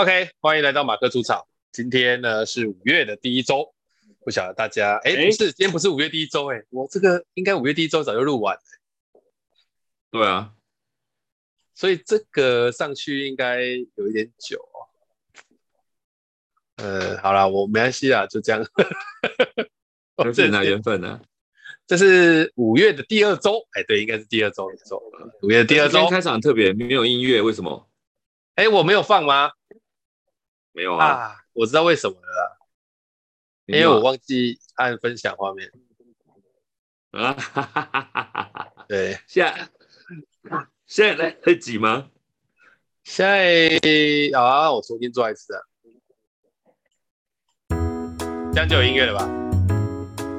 OK，歡迎來到馬克主場。今天呢是五月的第一周，不曉得大家哎，誒欸、不是今天不是五月第一周哎，我這個應該五月第一周早就錄完。對啊，所以這個上去應該有一點久哦。呃，好啦，我沒關係啦，就這樣。這 是哪緣分呢、啊？這是五月的第二周，哎，對，應該是第二周，周。五、嗯、月的第二周，今天開場特別沒有音樂，為什麼？哎，我沒有放嗎？沒有啊，啊，我知道為什麼了，因為、啊、我忘記按分享畫面。啊哈哈哈哈哈哈！ 對，現在現在在擠嗎？現在啊，我重新做一次啊，這樣就有音樂了吧？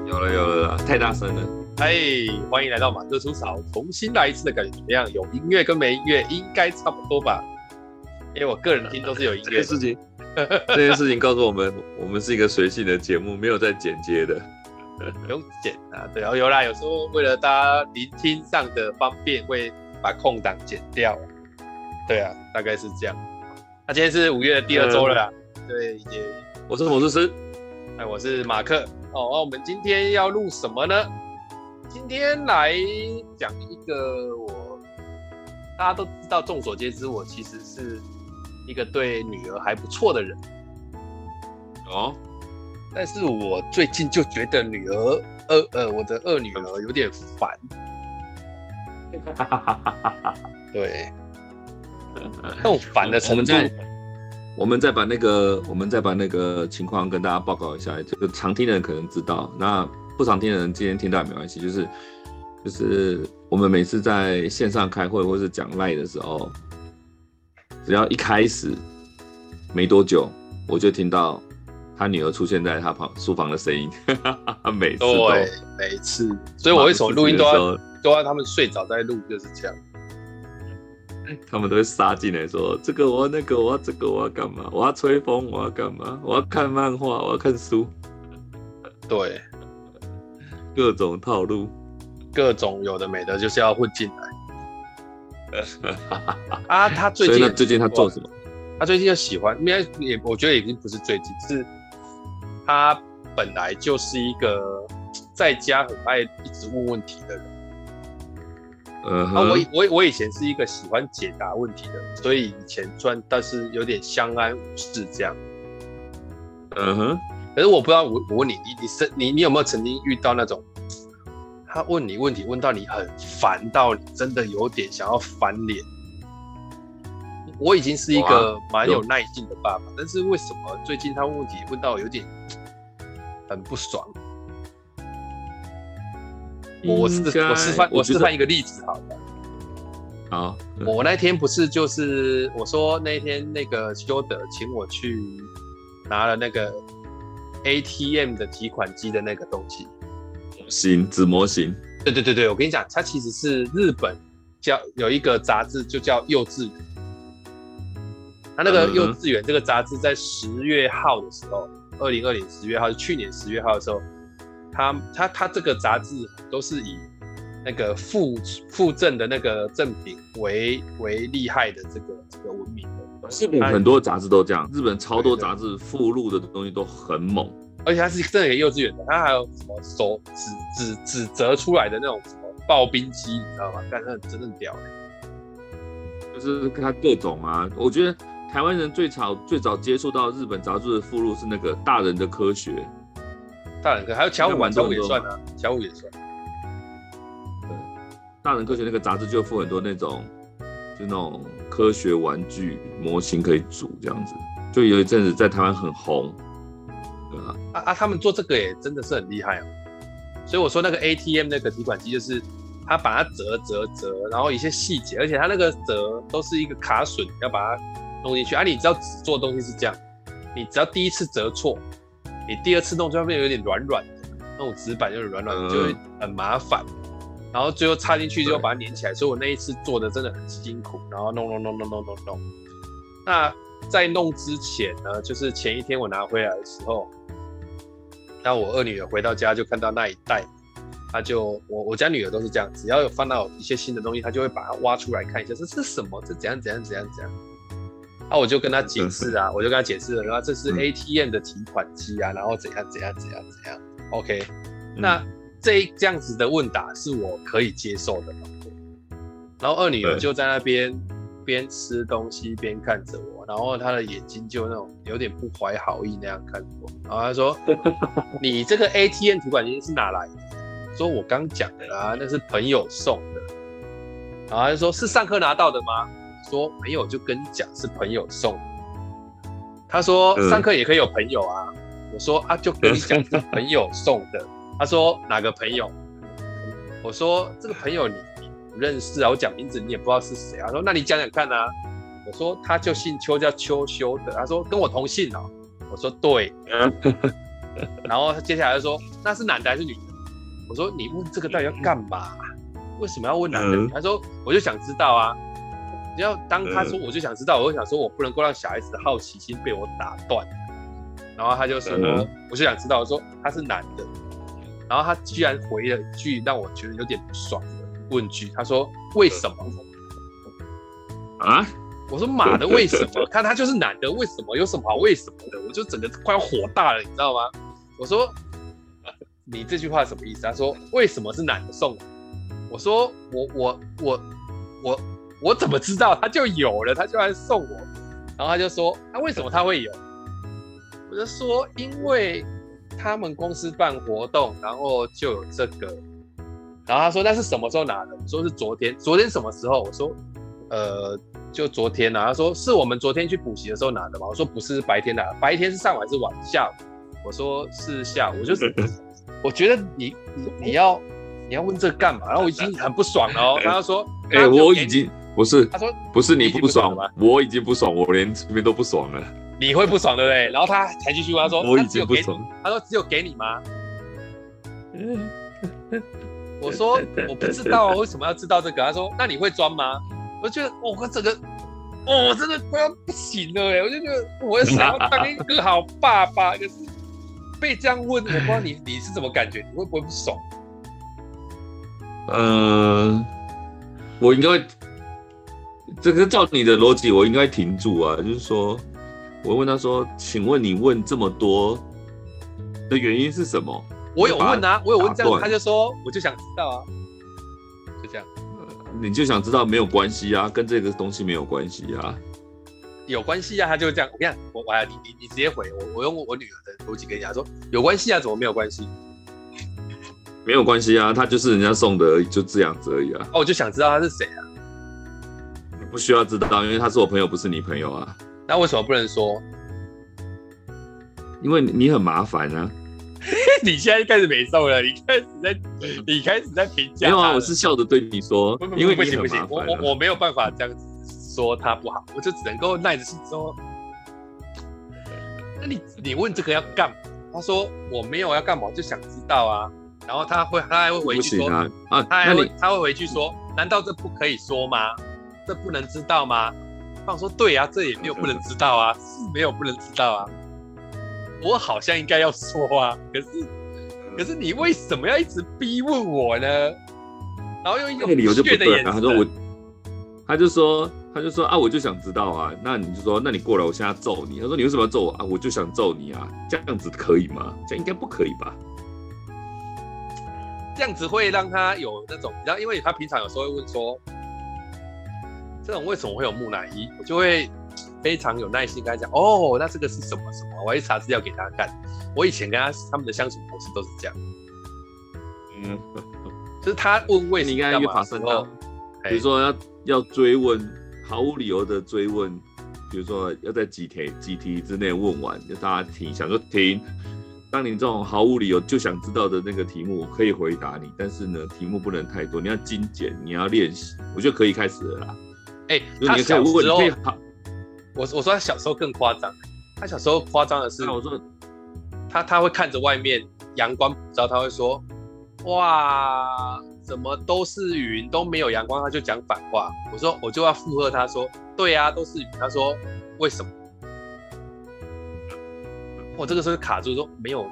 有了有了，太大聲了。嘿、欸，歡迎來到馬克草公館，重新來一次的感覺怎麼樣？有音樂跟沒音樂應該差不多吧？因為我個人聽都是有一些事情， 這件事情告訴我們，我們是一個隨性的節目，沒有在剪接的，不用剪啊，對啊，然後，有啦，有時候為了大家聆聽上的方便，會把空檔剪掉，對啊，大概是這樣。那、啊、今天是五月的第二周了啦，對、嗯，已經，我是魔術師。哎、啊，我是馬克，哦，那、啊、我們今天要錄什麼呢？今天來講一個我大家都知道、眾所皆知，我其實是。一個對女兒還不錯的人哦，但是我最近就覺得女兒，呃呃，我的二女兒有點煩。哈哈哈哈哈哈！對，到煩的程度。嗯嗯，我們，我們再把那個，我們再把那個情況跟大家報告一下。這個常聽的人可能知道，那不常聽的人今天聽到也沒關係。就是，就是我們每次在線上開會或是講賴的時候。只要一開始沒多久，我就聽到他女兒出現在他旁書房的聲音呵呵，每次對，每次，所以我為什麼錄音都要都要他們睡着在錄，就是這樣。他們都會殺進來說：“這個我要，那個我要，這個我要幹嘛？我要吹風，我要幹嘛？我要看漫畫，我要看書。”對，各種套路，各種有的沒的，就是要混進來。 啊，他最近，最近他做什麼？他最近就喜歡，因為也我覺得已經不是最近，是他本來就是一個在家很愛一直問問題的人。嗯哼、uh huh. 啊，我我我以前是一個喜歡解答問題的人，所以以前算，但是有點相安無事這樣。嗯哼、uh，huh. 可是我不知道，我我問你，你你是你你有沒有曾經遇到那種？他問你問題，問到你很煩，到你真的有點想要翻臉。我已經是一個蠻有耐性的爸爸，啊、但是為什麼最近他問問題問到我有點很不爽？該我我示範我示範一個例子好，好的。我那天不是就是我說那天那個修德請我去拿了那個 ATM 的提款機的那個東西。型子模型，對對對對，我跟你講，它其實是日本叫有一個雜誌，就叫幼稚園。它那個幼稚園這個雜誌，在十月號的時候，二零二零十月號，是去年十月號的時候，它它它這個雜誌都是以那個附附贈的那個贈品為為厲害的這個這個聞名的。是不是很多雜誌都這樣，日本超多雜誌附錄的東西都很猛。對對對而且他是真的很幼稚園的，他還有什麼手指指指折出來的那種什麼刨冰機，你知道嗎？幹，那真的很屌的、欸，就是跟他各種啊。我覺得台灣人最早最早接觸到日本雜誌的附錄是那個《大人的科學》，大人科還有巧虎，巧虎也算啊，巧虎也算。對，大人科學那個雜誌就附很多那種，就那種科學玩具模型可以組這樣子，就有一陣子在台灣很紅。嗯、啊啊！他們做這個也真的是很厲害哦、啊，所以我說那個 ATM 那個提款機就是，他把它折折折，然後一些細節，而且他那個折都是一個卡榫，要把它弄進去。啊，你知道紙做的東西是這樣，你只要第一次折錯，你第二次弄就會有點軟軟的，那種紙板有點軟軟，嗯、就會很麻煩。然後最後插進去就要把它粘起來，嗯、所以我那一次做的真的很辛苦，然後弄弄弄弄弄弄，弄，弄，弄。那在弄之前呢，就是前一天我拿回來的時候。那我二女兒回到家就看到那一袋，她就，我我家女兒都是這樣，只要有放到有一些新的東西，她就會把它挖出來看一下，說這是什麼？這怎樣怎樣怎樣怎樣？那、啊、我就跟她解釋啊， 我就跟她解釋了，然後這是 ATM 的提款機啊，嗯、然後怎樣怎樣怎樣怎樣？OK，、嗯、那這這樣子的問答是我可以接受的，然後二女兒就在那邊對邊吃東西邊看着我。然後他的眼睛就那種有點不懷好意那樣看我，然後他說：“你這個 ATM 提款機是哪來的？”說：“我剛講的啊，那是朋友送的。”然後他就說：“是上課拿到的嗎？”說：“沒有，就跟你講是朋友送的。”他說：“上課也可以有朋友啊。”我說：“啊，就跟你講是朋友送的。”他說：“哪個朋友？”我說：“這個朋友你，你不認識啊？我講名字你也不知道是誰啊？”他說：“那你講講看啊。”我說他就姓邱，叫邱修的。他說跟我同姓哦。我說對。對。然後他接下來就說，那是男的還是女的？我說你問這個到底要幹嘛？為什麼要問男的？他說我就想知道啊。只要當他說我就想知道，我就想說我不能夠讓小孩子的好奇心被我打斷。然後他就說我就想知道。我說他是男的。然後他居然回了一句讓我覺得有點不爽的問句，他說為什麼？啊？我說馬的為什麼？ 看他就是男的，為什麼有什麼好為什麼的？我就整個快要火大了，你知道嗎？我說你這句話什麼意思？他說為什麼是男的送我？我說我我我我我怎麼知道，他就有了，他就來送我。然後他就說那、啊、為什麼他會有？我就說因為他們公司辦活動，然後就有這個。然後他說那是什麼時候拿的？我說是昨天，昨天什麼時候？我說呃。就昨天吶、啊，他說是我們昨天去補習的時候拿的嘛。我說不是，白天拿的，白天是上午還是晚？下午？我說是下午。我就是， 我覺得你你你要你要問這幹嘛？然後我已經很不爽了哦。他說，誒、欸，我已經不是。他說不是你不爽嗎？已爽我已經不爽，我連這邊都不爽了。你會不爽對不對？然後他才繼續問說，他說我已經不爽。他說只有給你嗎？ 我說我不知道為什麼要知道這個。他說那你會裝嗎？我覺得我、哦、我整個，我、哦、真的快要不行了哎！我就覺得我想要當一個好爸爸，可 是被這樣問，我不知道你你是什麼感覺？你會不會不爽？嗯、呃。我應該會，這個照你的邏輯，我應該會停住啊。就是說我問他說，請問你問這麼多的原因是什麼？我有問啊，我有問這樣，斷他就說，我就想知道啊，就這樣。你就想知道沒有關係啊，跟這個東西沒有關係啊。有關係啊，他就這樣。你看，我我你你你直接回我，我用我女兒的多幾個人家說有關係啊，怎麼沒有關係？沒有關係啊，他就是人家送的而已，就這樣子而已啊。哦，我就想知道他是誰啊？你不需要知道，因為他是我朋友，不是你朋友啊。那為什麼不能說？因為你很麻煩啊。 你現在開始沒瘦了，你開始在，你開始在評價。沒有啊，我是笑着對你說，不不不，因為不行不行，我我我沒有辦法這樣子說他不好，我就只能夠耐著性說，那你你問這個要幹嘛？他說我沒有要幹嘛，我就想知道啊。然後他會，他還會回去說啊，啊，他還會他會回去說，你難道這不可以說嗎？這不能知道嗎？他說對啊，這也沒有不能知道啊，覺是沒有不能知道啊。我好像應該要說啊，可是，可是你為什麼要一直逼問我呢？然後用一種倔的眼神，然後他就說，他就說啊，我就想知道啊，那你就說，那你過來，我現在揍你。”他說：“你為什麼要揍我啊？我就想揍你啊，這樣子可以嗎？這應該不可以吧？這樣子會讓他有那種，然後因為他平常有時候會問說，這種為什麼我會有木乃伊，我就會。”非常有耐心跟他講哦，那這個是什麼什麼？我一查資料給他看。我以前跟他他們的相處模式都是這樣。嗯，就是他問問你應該要發生到，的欸、比如說要要追問，毫無理由的追問，比如說要在幾天幾題之內問完，就大家停，想說停。當你這種毫無理由就想知道的那個題目，我可以回答你，但是呢，題目不能太多，你要精簡，你要練習，我就可以開始了啦。哎、欸，小時候你也可以問，我我說他小時候更誇張，他小時候誇張的是，我說他他會看着外面陽光普照，他會說，哇，怎麼都是雲都沒有陽光，他就講反話。我說我就要附和他說，對啊，都是雲。他說，為什麼？我這個時候卡住說，沒有，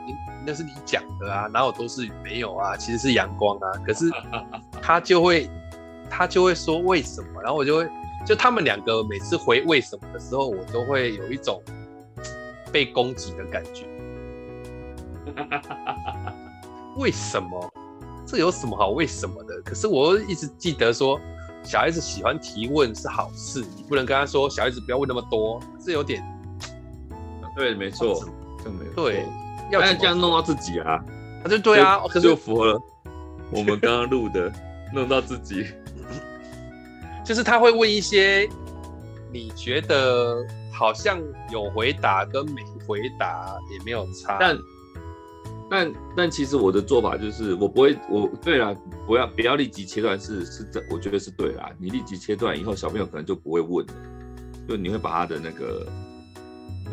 那是你講的啊，哪有都是雲，沒有啊，其實是陽光啊。可是他就會他就會說為什麼，然後我就會。就他們兩個每次回為什麼的時候，我都會有一種被攻擊的感覺。 為什麼？這有什麼好為什麼的？可是我一直記得說，小孩子喜歡提問是好事，你不能跟他說小孩子不要問那麼多，這有點……對，沒錯，就沒對，不對要這樣弄到自己啊！他、啊、就對啊，就，就符合 我們剛剛錄的弄到自己。就是他會問一些，你覺得好像有回答跟沒回答也沒有差，但，但但但其實我的做法就是，我不會，我對啦，不要不要立即切斷，是，是是這，我覺得是對啦。你立即切斷以後，小朋友可能就不會問了，就你會把他的那個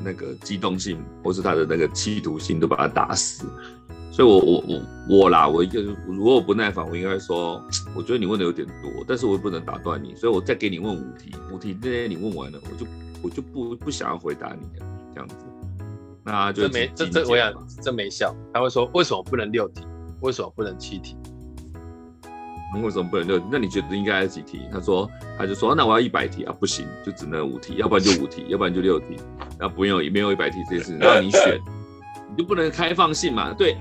那個機動性或是他的那個企圖性都把他打死。所以我，我我我我啦，我就是，如果我不耐煩，我應該說，我覺得你問的有點多，但是我又不能打斷你，所以，我再給你問五題，五題這些你問完了，我就我就不不想要回答你了，這樣子，那就這沒這這，幾幾幾這，這，我也，真沒笑。他會說，為什麼不能六題？為什麼不能七題？那、嗯、為什麼不能六？那你覺得應該要幾題？他說，他就說，啊、那我要一百題啊，不行，就只能五題，要不然就五題， 題，要不然就六題，那不用，也沒有一百題這些，事情。讓你選， 你就不能開放性嘛？對。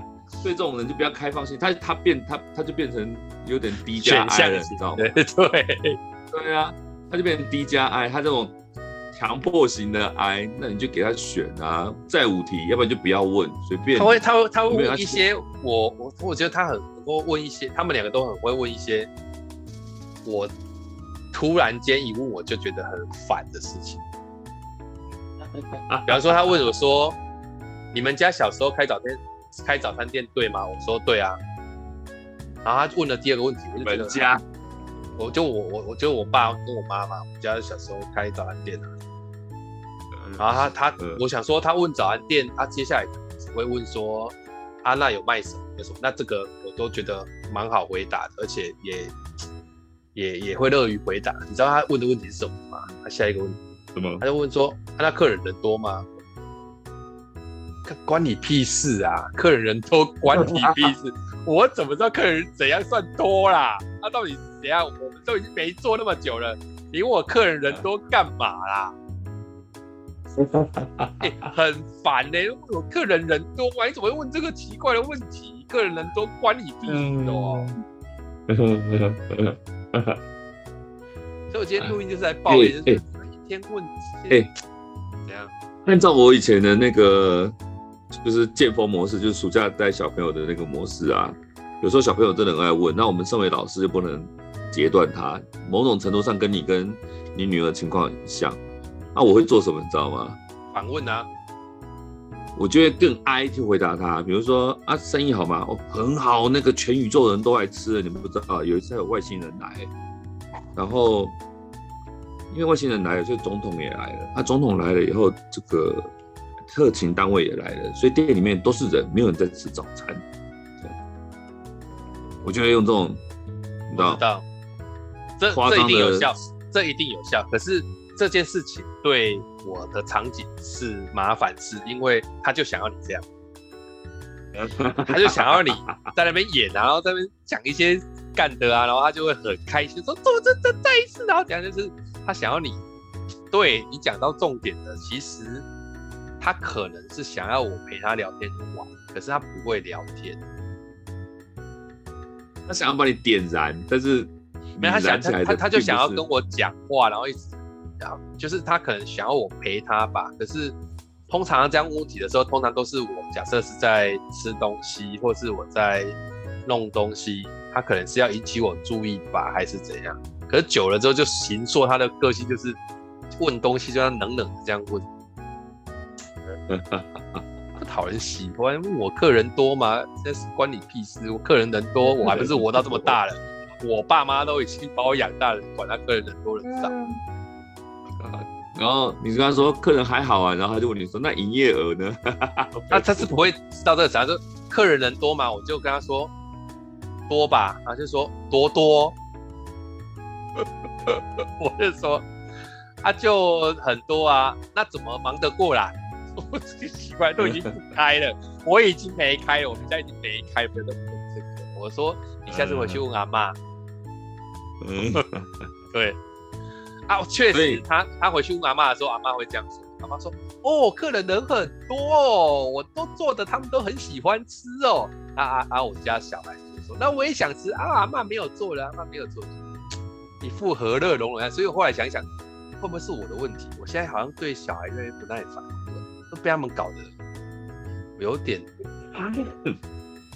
對這種人就比較開放性，他他變他他就變成有點低加 I 了，你知道嗎？對對，對啊，他就變成低加 I，他這種強迫型的 I，那你就給他選啊，再五題，要不然就不要問，隨便。他會他會他會問一些我我我覺得他很會問一些，他們兩個都很會問一些我突然間一問我就覺得很煩的事情。啊，比方說他問我說，啊、你們家小時候開早餐。開早餐店對嗎？我說對啊，然後他問了第二個問題，我就問、這、了、個，家我就我我我就我爸跟我媽嘛，我們家小時候開早餐店的、啊，嗯、然後他他、嗯、我想說他問早餐店，他接下來只會問說啊那、啊、有賣什麼那這個我都覺得蠻好回答的，而且也也也會樂於回答。你知道他問的問題是什麼嗎？他下一個問題什麼？他就問說啊那、啊、客人人多嗎？關你屁事啊！客人人多關你屁事。 我怎麼知道客人怎樣算多啦？他、啊、到底怎樣？我們都已經沒做那麼久了，你問我客人人多幹嘛啦？哎 欸，很煩嘞、欸！我客人人多，為什麼會問這個奇怪的問題？客人人多關你屁事哦！ 所以我今天錄音就是在抱怨，一、啊欸、天問哎，欸、怎樣？按照我以前的那個。就是見風模式，就是暑假帶小朋友的那個模式啊。有時候小朋友真的很愛問，那我們身為老師就不能截斷他。某種程度上跟你跟你女兒情況很像，啊，我會做什麼，你知道嗎？反問啊，我就會更愛去回答他。比如說啊，生意好嗎？哦，很好，那個全宇宙人都愛吃了，你們不知道？有一次有外星人來，然後因為外星人來了，所以總統也來了。啊，總統來了以後，這個。特勤單位也來了，所以店裡面都是人，沒有人在吃早餐。我就會用這種，你知道，不知道，這張這一定有效，這一定有效。可是這件事情對我的場景是麻煩事，因為他就想要你這樣， 他就想要你在那邊演，啊，然後在那邊講一些幹的啊，然後他就會很開心說：“這、這、這再一次。”然後講就是他想要你對你講到重點的，其實。他可能是想要我陪他聊天的話，可是他不會聊天。他想要把你點燃，但是，是沒他想他他他就想要跟我講話，然後一直講，就是他可能想要我陪他吧。可是通常這樣問題的時候，通常都是我假設是在吃東西，或是我在弄東西。他可能是要引起我注意吧，還是怎樣？可是久了之後，就形塑他的個性就是問東西，就像冷冷的這樣問。哈哈哈，不討 人喜歡，我客人多嘛，那是關你屁事！我客人人多，我還不是活到這麼大了？ 我爸媽都已經把我養大了，管他客人人多人少。 然後你跟他說客人還好啊，然後他就問你說：“那營業額呢？”哈哈哈，那 他是不會知道這個，反正客人人多嘛，我就跟他說多吧。然後就說多多， 我就說他、啊、就很多啊，啊，那怎麼忙得過來？我自己喜歡都已經不開了，我已經沒開了，我們家已經沒開了，人都不用這個。我說，你下次我去問阿媽。啊。嗯， 對。啊，確實，對他他回去問阿媽的時候，阿媽會這樣說。阿媽說：“哦，我客人人很多哦，我都做的，他們都很喜歡吃哦。啊”啊啊啊！我家小孩就說：“那我也想吃啊！”阿媽沒有做了，阿媽沒有做的。一副和樂融融，融樣。所以我後來想想，會不會是我的問題？我現在好像對小孩越來越不耐煩。被他們搞得有點，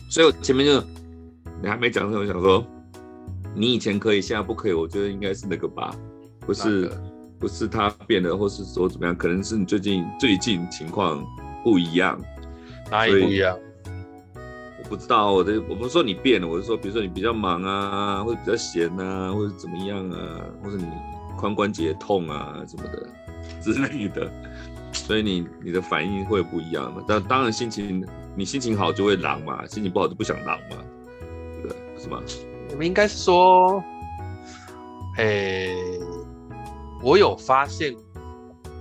所以我前面就你還沒講什麼，我想說，你以前可以，現在不可以，我覺得應該是那個吧，不是、那個、不是他變了，或是說怎麼樣，可能是你最近最近情況不一樣，哪裡不一樣？我不知道，我這我不是說你變了，我是說，比如說你比較忙啊，或者比較閒啊，或者怎麼樣啊，或者你髖關節痛啊什麼的之類的。所以你你的反應會不一樣嘛，當當然心情，你心情好就會嚷嘛，心情不好就不想嚷嘛，對，不對？是嗎？你們應該是說，誒、欸，我有發現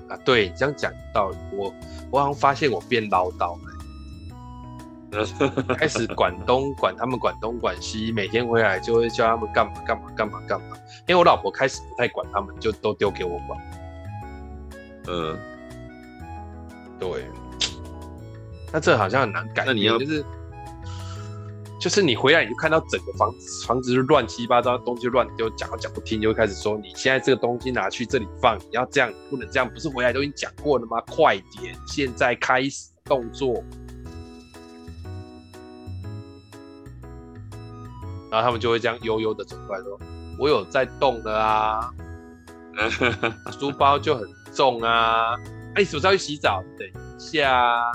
啊，對，這樣講道理，我我好像發現我變嘮叨了、欸， 開始管東管他們，管東管西，每天回來就會叫他們幹嘛幹嘛幹嘛幹嘛。因為我老婆開始不太管他們，就都丟給我管，呃、嗯。對，那這好像很難改。那你要就是，就是你回來你就看到整個房子房子就亂七八糟，東西亂丟，講都講不聽，就會開始說你現在這個東西拿去這裡放，你要這樣不能這樣，不是回來都已經講過了嗎？快點，現在開始動作。然後他們就會這樣悠悠的走過來，說：“我有在動的啊， 書包就很重啊。”哎，手上去洗澡。等一下啊，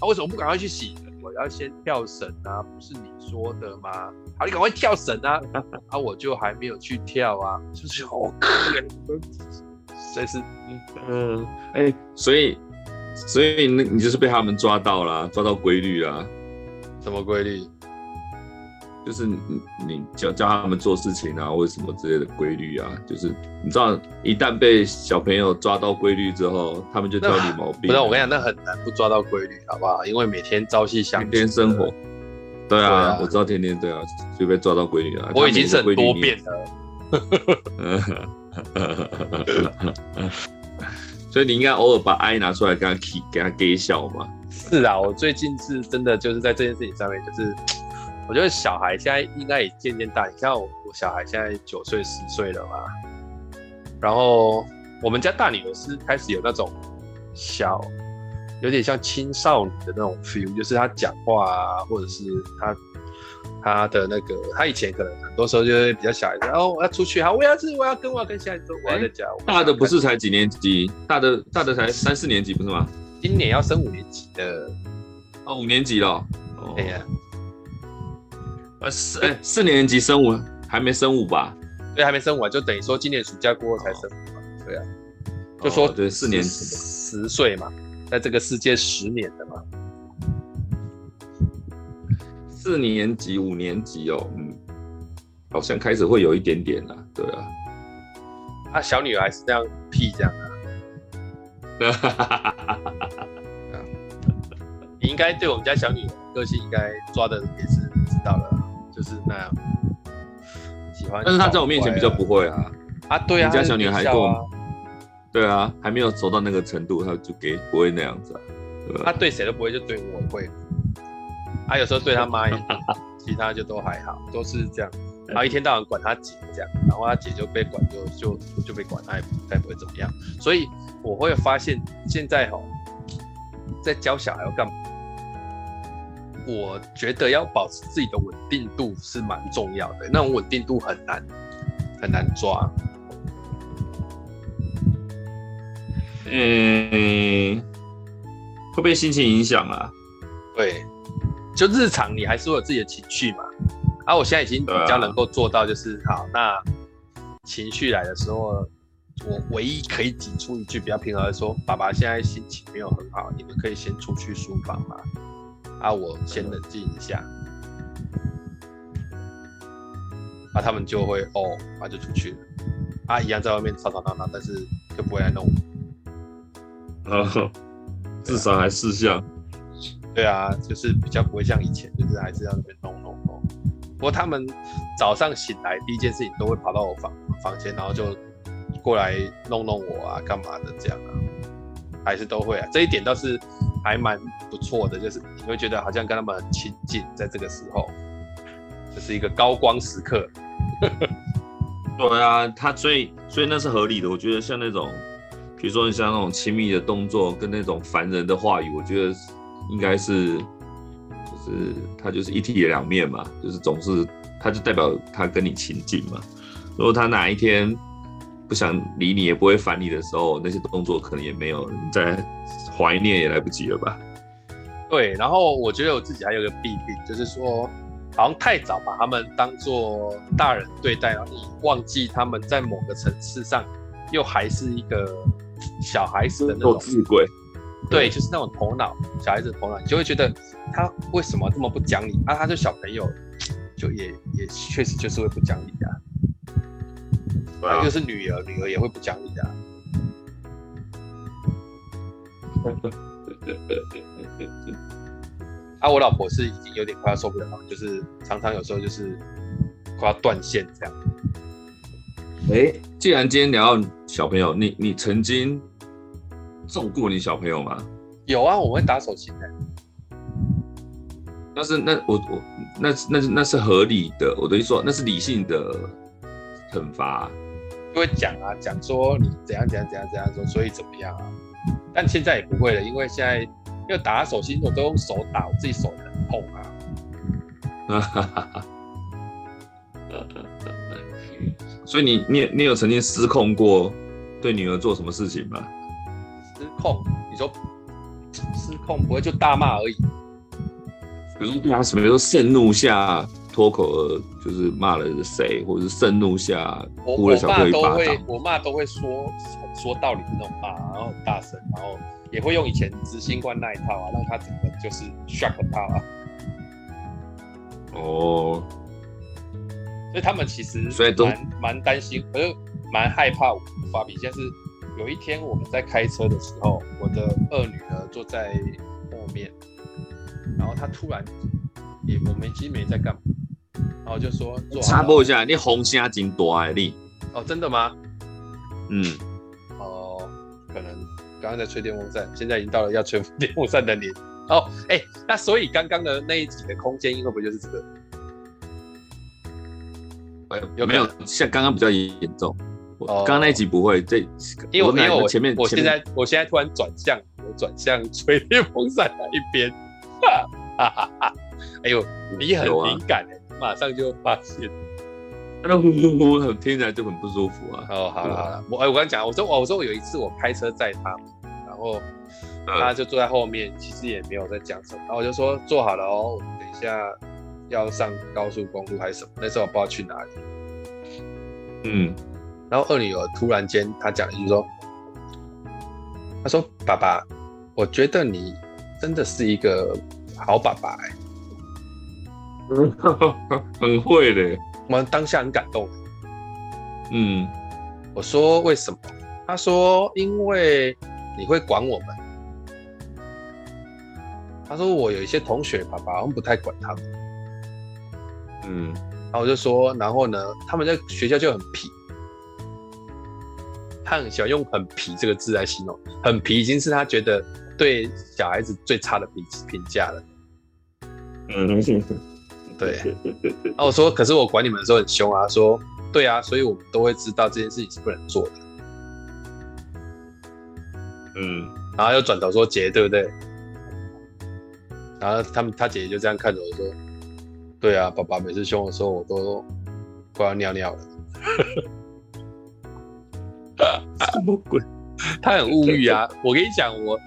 啊，為什麼不趕快去洗？我要先跳繩啊，不是你說的嗎？好，你趕快跳繩啊，啊，我就還沒有去跳啊，就是好可愛，真 是，嗯，哎、欸，所以，所以那你就是被他們抓到了，抓到規律了，什麼規律？就是你教教他們做事情啊，為什麼之類的規律啊，就是你知道，一旦被小朋友抓到規律之後，他們就挑你毛病，啊。不是我跟你講，那很難不抓到規律，好不好？因為每天朝夕相天天生活。對啊，對啊我知道，天天對啊，就被抓到規律啊。我已經是很多變了。所以你應該偶爾把愛拿出來給他給給他給笑嘛。是啊，我最近是真的就是在這件事情上面就是。我覺得小孩現在應該也漸漸大，像我，我小孩現在九歲十歲了嘛。然後我們家大女兒是開始有那種小，有點像青少女的那種 feel，就是她講話啊，或者是她她的那個，她以前可能很多時候就會比較小孩子哦，我要出去啊，我要是我要跟我要跟誰走，我要在家。再講大的不是才幾年級？大的大的才三四年級不是嗎？今年要升五年級的哦，五年級了、哦，哦、哎呀。四哎、欸，四年級升五還沒升五吧？對，還沒升五啊，就等於說今年暑假過後才升五嘛。Oh. 對啊，oh, 就說，對四年十歲嘛，在這個世界十年的嘛。四年級五年級哦，嗯，好像開始會有一點點啦。對啊，那、啊、小女孩是這樣屁這樣的。對啊， 你應該對我們家小女兒個性應該抓的也是。就是那樣，喜歡、啊。但是他在我面前比較不會啊，啊對啊，人家小女孩跟對啊，還沒有熟到那個程度，他就給不會那樣子、啊。他對誰、啊啊、都不會，就對我會。他、啊、有時候對他媽， 其他就都還好，都是這樣。然後一天到晚管他姐這樣，然後他姐就被管就，就就就被管他也，他也不會怎麼樣。所以我會發現現在哈，在教小孩要幹嘛？我覺得要保持自己的穩定度是蠻重要的，那種穩定度很難很難抓。嗯，會不會心情影響啊？對，就日常你還是會有自己的情緒嘛。啊，我現在已經比較能夠做到，就是、啊、好，那情緒來的時候，我唯一可以擠出一句比較平和的說：“爸爸現在心情沒有很好，你們可以先出去書房嘛。”啊，我先冷靜一下，嗯、啊，他們就會哦，啊，就出去了。啊，一樣在外面吵吵鬧鬧，但是就不會來弄我。哦，至少還是像、啊。對啊，就是比較不會像以前，就是還是要在那邊弄弄弄哦。不過他們早上醒來第一件事情都會跑到我房房間，然後就過來弄弄我啊，幹嘛的這樣啊？還是都會啊，這一點倒是還蠻。不錯的，就是你會覺得好像跟他們很親近，在這個時候，這、就是一個高光時刻。 對啊，他最，所以那是合理的。我覺得像那種，比如說你像那種親密的動作跟那種煩人的話語，我覺得應該是，就是他就是一體的兩面嘛，就是總是他就代表他跟你親近嘛。如果他哪一天不想理你也不會煩你的時候，那些動作可能也沒有，你再懷念也來不及了吧。對，然後我覺得我自己還有一個弊病，就是說好像太早把他們當做大人對待，然後你忘記他們在某個層次上又還是一個小孩子的那種幼稚鬼。對，對就是那種頭腦，小孩子的頭腦，你就會覺得他為什麼這麼不講理？啊，他就小朋友，就也也確實就是會不講理啊，啊，啊。又是女兒，女兒也會不講理的、啊。對，啊、對，對對對對。啊，我老婆是已經有點快要受不了了，就是常常有時候就是快要斷線這樣。哎、欸，既然今天聊到小朋友，你你曾經揍過你小朋友嗎？有啊，我會打手心的。但是那我我那那那是合理的，我等於說那是理性的懲罰，就會講啊講說你怎樣怎樣怎樣怎樣說，所以怎麼樣啊？但現在也不會了，因為現在。因為打手心，我都用手打，我自己手很痛啊。哈哈哈！所以你你你有曾經失控過對女兒做什麼事情嗎？失控？你說失控不會就大罵而已？比如說對啊，什麼比如說盛怒下脫口就是罵了誰，或者是盛怒下呼了小孩一巴掌。我爸都會，我媽都會說說，說道理那種罵，然後很大聲，然後。也會用以前執行官那一套啊，讓他整個就是 shock 他啊。哦，所以他們其實蠻蠻擔心，而且蠻害怕我。法比就是有一天我們在開車的時候，我的二女兒坐在後面，然後她突然也、欸、我沒機沒在幹嘛，然後就說插播一下，你紅線真多啊。你哦，真的嗎？嗯，哦可能。剛剛在吹電風扇，現在已經到了要吹電風扇的年哦，哎，那所以剛剛的那一集的空間應該不就是這個？有沒有像剛剛比較嚴重？哦、我剛剛那一集不會，這因為我沒有哪前面，我現在我現在突然轉向，我轉向吹電風扇那一邊，哈哈哈！哎呦，你很敏感哎、欸，啊、馬上就發現。那、啊、呼呼呼很聽起來就很不舒服啊！哦，好了好了，我哎，我跟你講，我說我說我有一次我開車載他，然後他就坐在後面，啊、其實也沒有在講什麼，然後我就說坐好了哦，等一下要上高速公路還是什麼？那時候我不知道去哪裡。嗯，然後二女兒突然間她講一句說，她說爸爸，我覺得你真的是一個好爸爸、欸，嗯，很會的。我們當下很感動。嗯，我說為什麼？他說因為你會管我們。他說我有一些同學，爸爸好像不太管他們。嗯，然後我就說，然後呢，他們在學校就很皮。他很喜歡用“很皮”這個字來形容，很皮已經是他覺得對小孩子最差的評評價了。嗯。 對，啊，我說，可是我管你們的時候很凶啊。說，對啊，所以我們都會知道這件事情是不能做的。嗯，然後又轉頭說姐、姐，對不對？然後他們他姐姐就這樣看着我說，對啊，爸爸每次凶的時候，我都快要尿尿了。什麼鬼？ 他很無語啊！ 我跟你講，我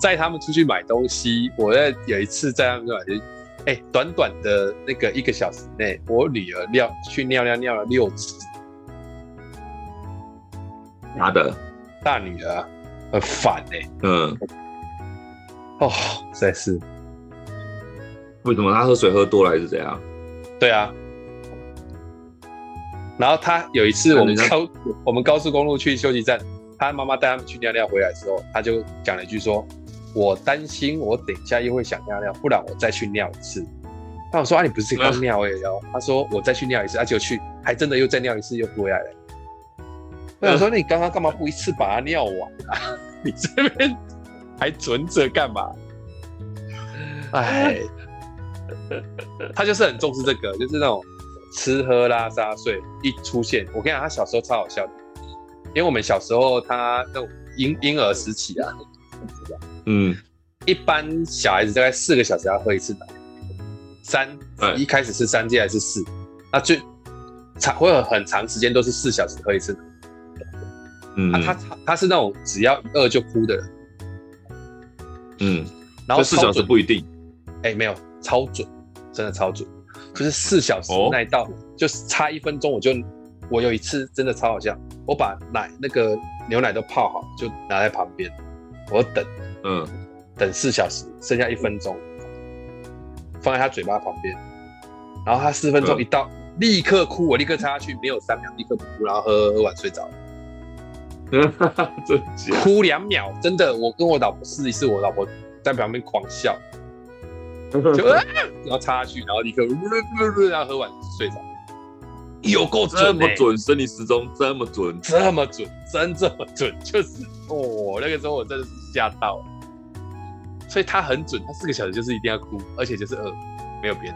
帶他們出去買東西，我在有一次帶他們買東西。哎、欸，短短的那個一個小時內，我女兒尿去尿尿尿了六次。她、欸、的？大女兒。很煩呢、欸。嗯。哦，實在是。為什麼她喝水喝多了還是怎樣？對啊。然後她有一次，我們高我們高速公路去休息站，她媽媽帶他們去尿尿回來之後，她就講了一句說。我擔心，我等一下又會想尿尿，不然我再去尿一次。他，我說啊，你不是剛尿了、欸、了？有他說我再去尿一次，他、啊、就去，還真的又再尿一次又不，又回來了。我說你剛剛幹嘛不一次把它尿完啊？你這邊還存着幹嘛？哎，他就是很重視這個，就是那種吃喝拉撒睡一出現，我跟你講，他小時候超好笑的，因為我們小時候他那種嬰嬰兒時期啊。嗯，一般小孩子大概四個小時要喝一次奶，三，一開始是三 G 還是四、欸？那最長會有很長時間都是四小時喝一次奶。嗯，啊、他他是那種只要一餓就哭的人。嗯，然後四小時不一定。哎、欸，沒有超準，真的超準。可、就是四小時那一到就差一分鐘，我就我有一次真的超好笑，我把奶那個牛奶都泡好，就拿在旁邊，我等。嗯，等四小時，剩下一分鐘，放在他嘴巴旁邊，然後他四分鐘一到，嗯、立刻哭，我立刻插下去，沒有三秒，立刻不哭，然後喝喝完睡着。哈哈 真假？哭兩秒，真的。我跟我老婆試一試，我老婆在旁邊狂笑， 就、啊、然後插下去，然後立刻， 然後喝完睡着，有夠、欸、這麼準生理時鐘，這麼準，這麼準，真這麼準，就是哦，那個時候我真的是嚇到。所以他很準，他四個小時就是一定要哭，而且就是餓，沒有別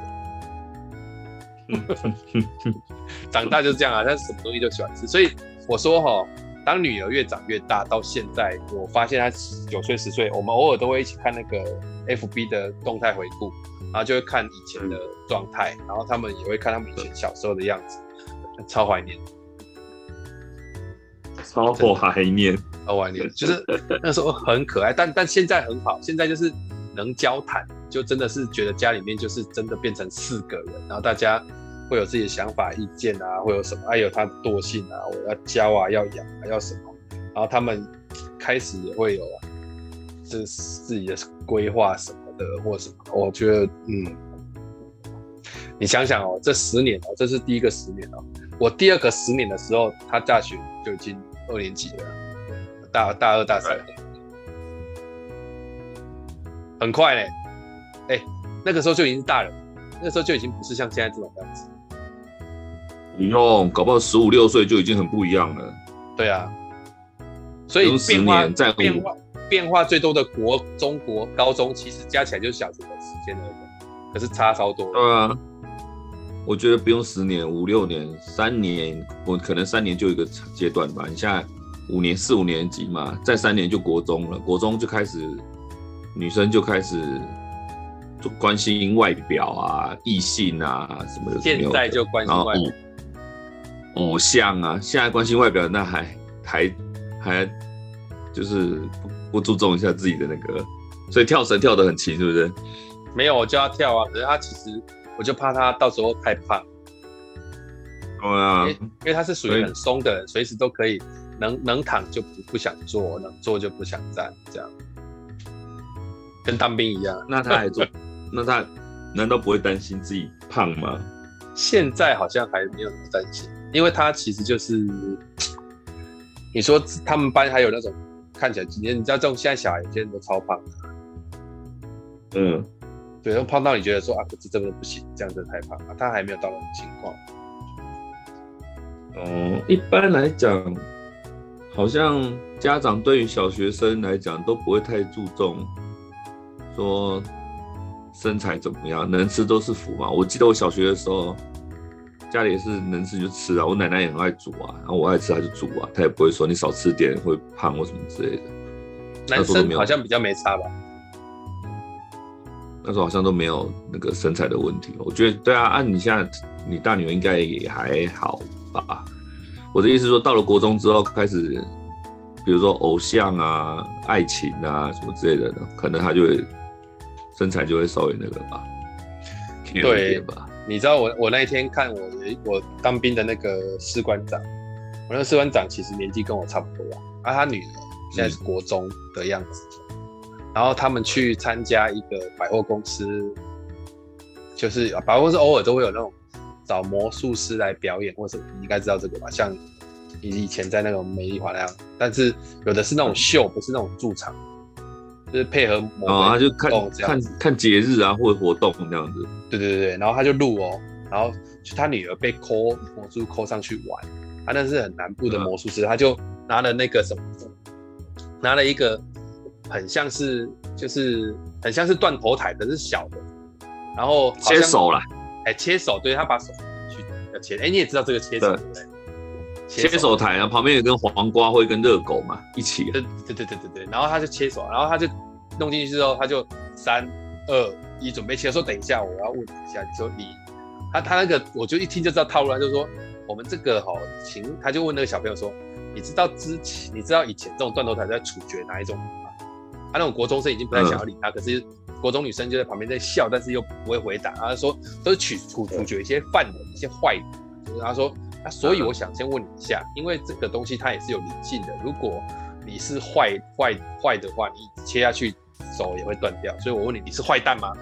的。 長大就是這樣啊，他什麼東西都喜歡吃。所以我說齁，當女兒越長越大，到現在我發現她九歲十歲，我們偶爾都會一起看那個 FB 的動態回顧，然後就會看以前的狀態，嗯、然後他們也會看他們以前小時候的樣子，超懷念，超懷念。的哦，你 就是那時候很可愛，但但現在很好。現在就是能交談，就真的是覺得家裡面就是真的變成四個人，然後大家會有自己的想法、意見啊，會有什麼？哎，有他惰性啊，我要教啊，要養，啊，啊要什麼？然後他們開始也會有，啊就是自己的規劃什麼的，或什麼。我覺得，嗯，你想想哦，這十年哦，這是第一個十年哦，我第二個十年的時候，他大學就已經二年級了。大大二大三，對很快嘞，哎、欸，那個時候就已經是大人，那個、時候就已經不是像現在這種這樣子。你用搞不好十五六歲就已經很不一樣了。對啊，所以十年在變化，變化最多的國中國高中，其實加起來就是小學的時間而已，可是差超多。對啊，我覺得不用十年，五六年，三年，我可能三年就一個階段吧，你現在。五年，四五年級嘛，再三年就國中了。國中就開始，女生就開始就關心外表啊、異性啊什麼的。現在就關心外表偶像啊，現在關心外表，那還還還就是不，不注重一下自己的那個，所以跳繩跳得很勤，是不是？沒有，我就要跳啊，可是他其實我就怕他到時候太胖。對啊，欸，因為他是屬於很鬆的，隨時都可以。能能躺，就不不想坐，能坐就不想站，這樣，跟當兵一樣。那他還坐？ 那他難道不會擔心自己胖嗎？現在好像還沒有那麼擔心，因為他其實就是，你說他們班還有那種看起來今天你知道這種現在小孩有些人都超胖的，啊，嗯，比如說胖到你覺得說啊，這真的不行，這樣真的太胖了，啊。他還沒有到那種情況。哦、嗯，一般來講。好像家長對於小學生來講都不會太注重，說身材怎麼樣。能吃都是福嘛。我記得我小學的時候，家裡是能吃就吃啊，我奶奶也很愛煮啊，然後、啊、我愛吃他就煮啊，他也不會說你少吃點會胖或什麼之類的。男生那時候好像比較沒差吧？那時候好像都沒有那個身材的問題。我覺得對啊，按、啊、你現在，你大女兒應該也還好吧？我的意思是說，到了國中之後，開始，比如說偶像啊、愛情啊什麼之類的，呢，可能他就會身材就會稍微那個吧，對吧？你知道我我那天看我我當兵的那個士官長，我那個士官長其實年紀跟我差不多啊，而、啊、他女兒現在是國中的樣子，是然後他們去參加一個百貨公司，就是百貨公司偶爾都會有那種。找魔術師來表演，或者你應該知道這個吧？像以以前在那種美麗華那樣，但是有的是那種秀，不是那種駐場，嗯、就是配合。魔、哦、他就看看看節日啊或者活動這樣子。對對對，然後他就錄哦，然後他女兒被扣魔術扣上去玩，啊，那是很南部的魔術師，嗯、他就拿了那個什麼，什麼，拿了一個很像是就是很像是斷頭台的，的是小的，然後接手了。切手，對他把手去要切。哎，你也知道這個切手，對，切手台啊，旁邊有根黃瓜，會跟熱狗嘛一起。對對對對對，對，對，然後他就切手，然後他就弄進去之後，他就三二一準備切。說等一下，我要問一下。你說你他他那個，我就一聽就知道套路了，他就說我們這個哈、哦，請他就問那個小朋友說，你知道之前你知道以前這種斷頭台在處決哪一種？他、啊、那種國中生已經不太想要理他，嗯、可是國中女生就在旁邊在笑，但是又不會回答。他說：“都是取處處決一些犯人、嗯、一些壞人。就”他、是、說：“那、啊、所以我想先問你一下，嗯、因為這個東西它也是有靈性的。如果你是壞壞壞的話，你一直切下去手也會斷掉。所以我問你，你是壞蛋嗎？”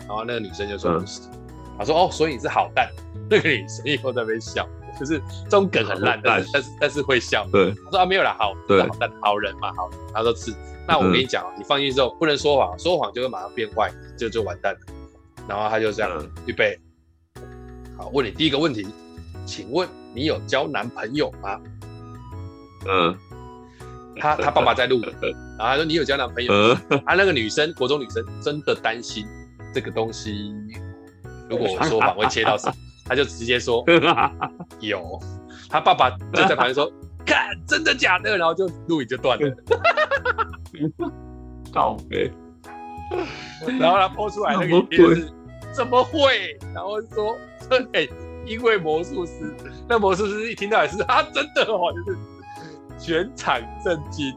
然後那個女生就說不：“不是、嗯。”他說：“哦，所以你是好蛋。”對。所以我在那邊笑。就是這種梗很爛，爛，但是但是會笑。對，他說啊沒有啦，好，對，好，好人嘛，好。他說是，那我跟你講，你放心，之後不能說謊，說謊就會馬上變壞，就就完蛋了。然後他就這樣，預備，好，問你第一個問題，請問你有交男朋友嗎？嗯，他他爸爸在錄，然後他說你有交男朋友嗎？啊，那個女生，國中女生，真的擔心這個東西，如果我說謊會切到什麼他就直接說 有，他爸爸就在旁邊說 看真的假的，然後就錄影就斷了，倒霉。然後他播出來的那個結論怎、怎麼會？然後說這、欸、因為魔術師，那魔術師一聽到也是啊真的哦，哦就是全場震驚。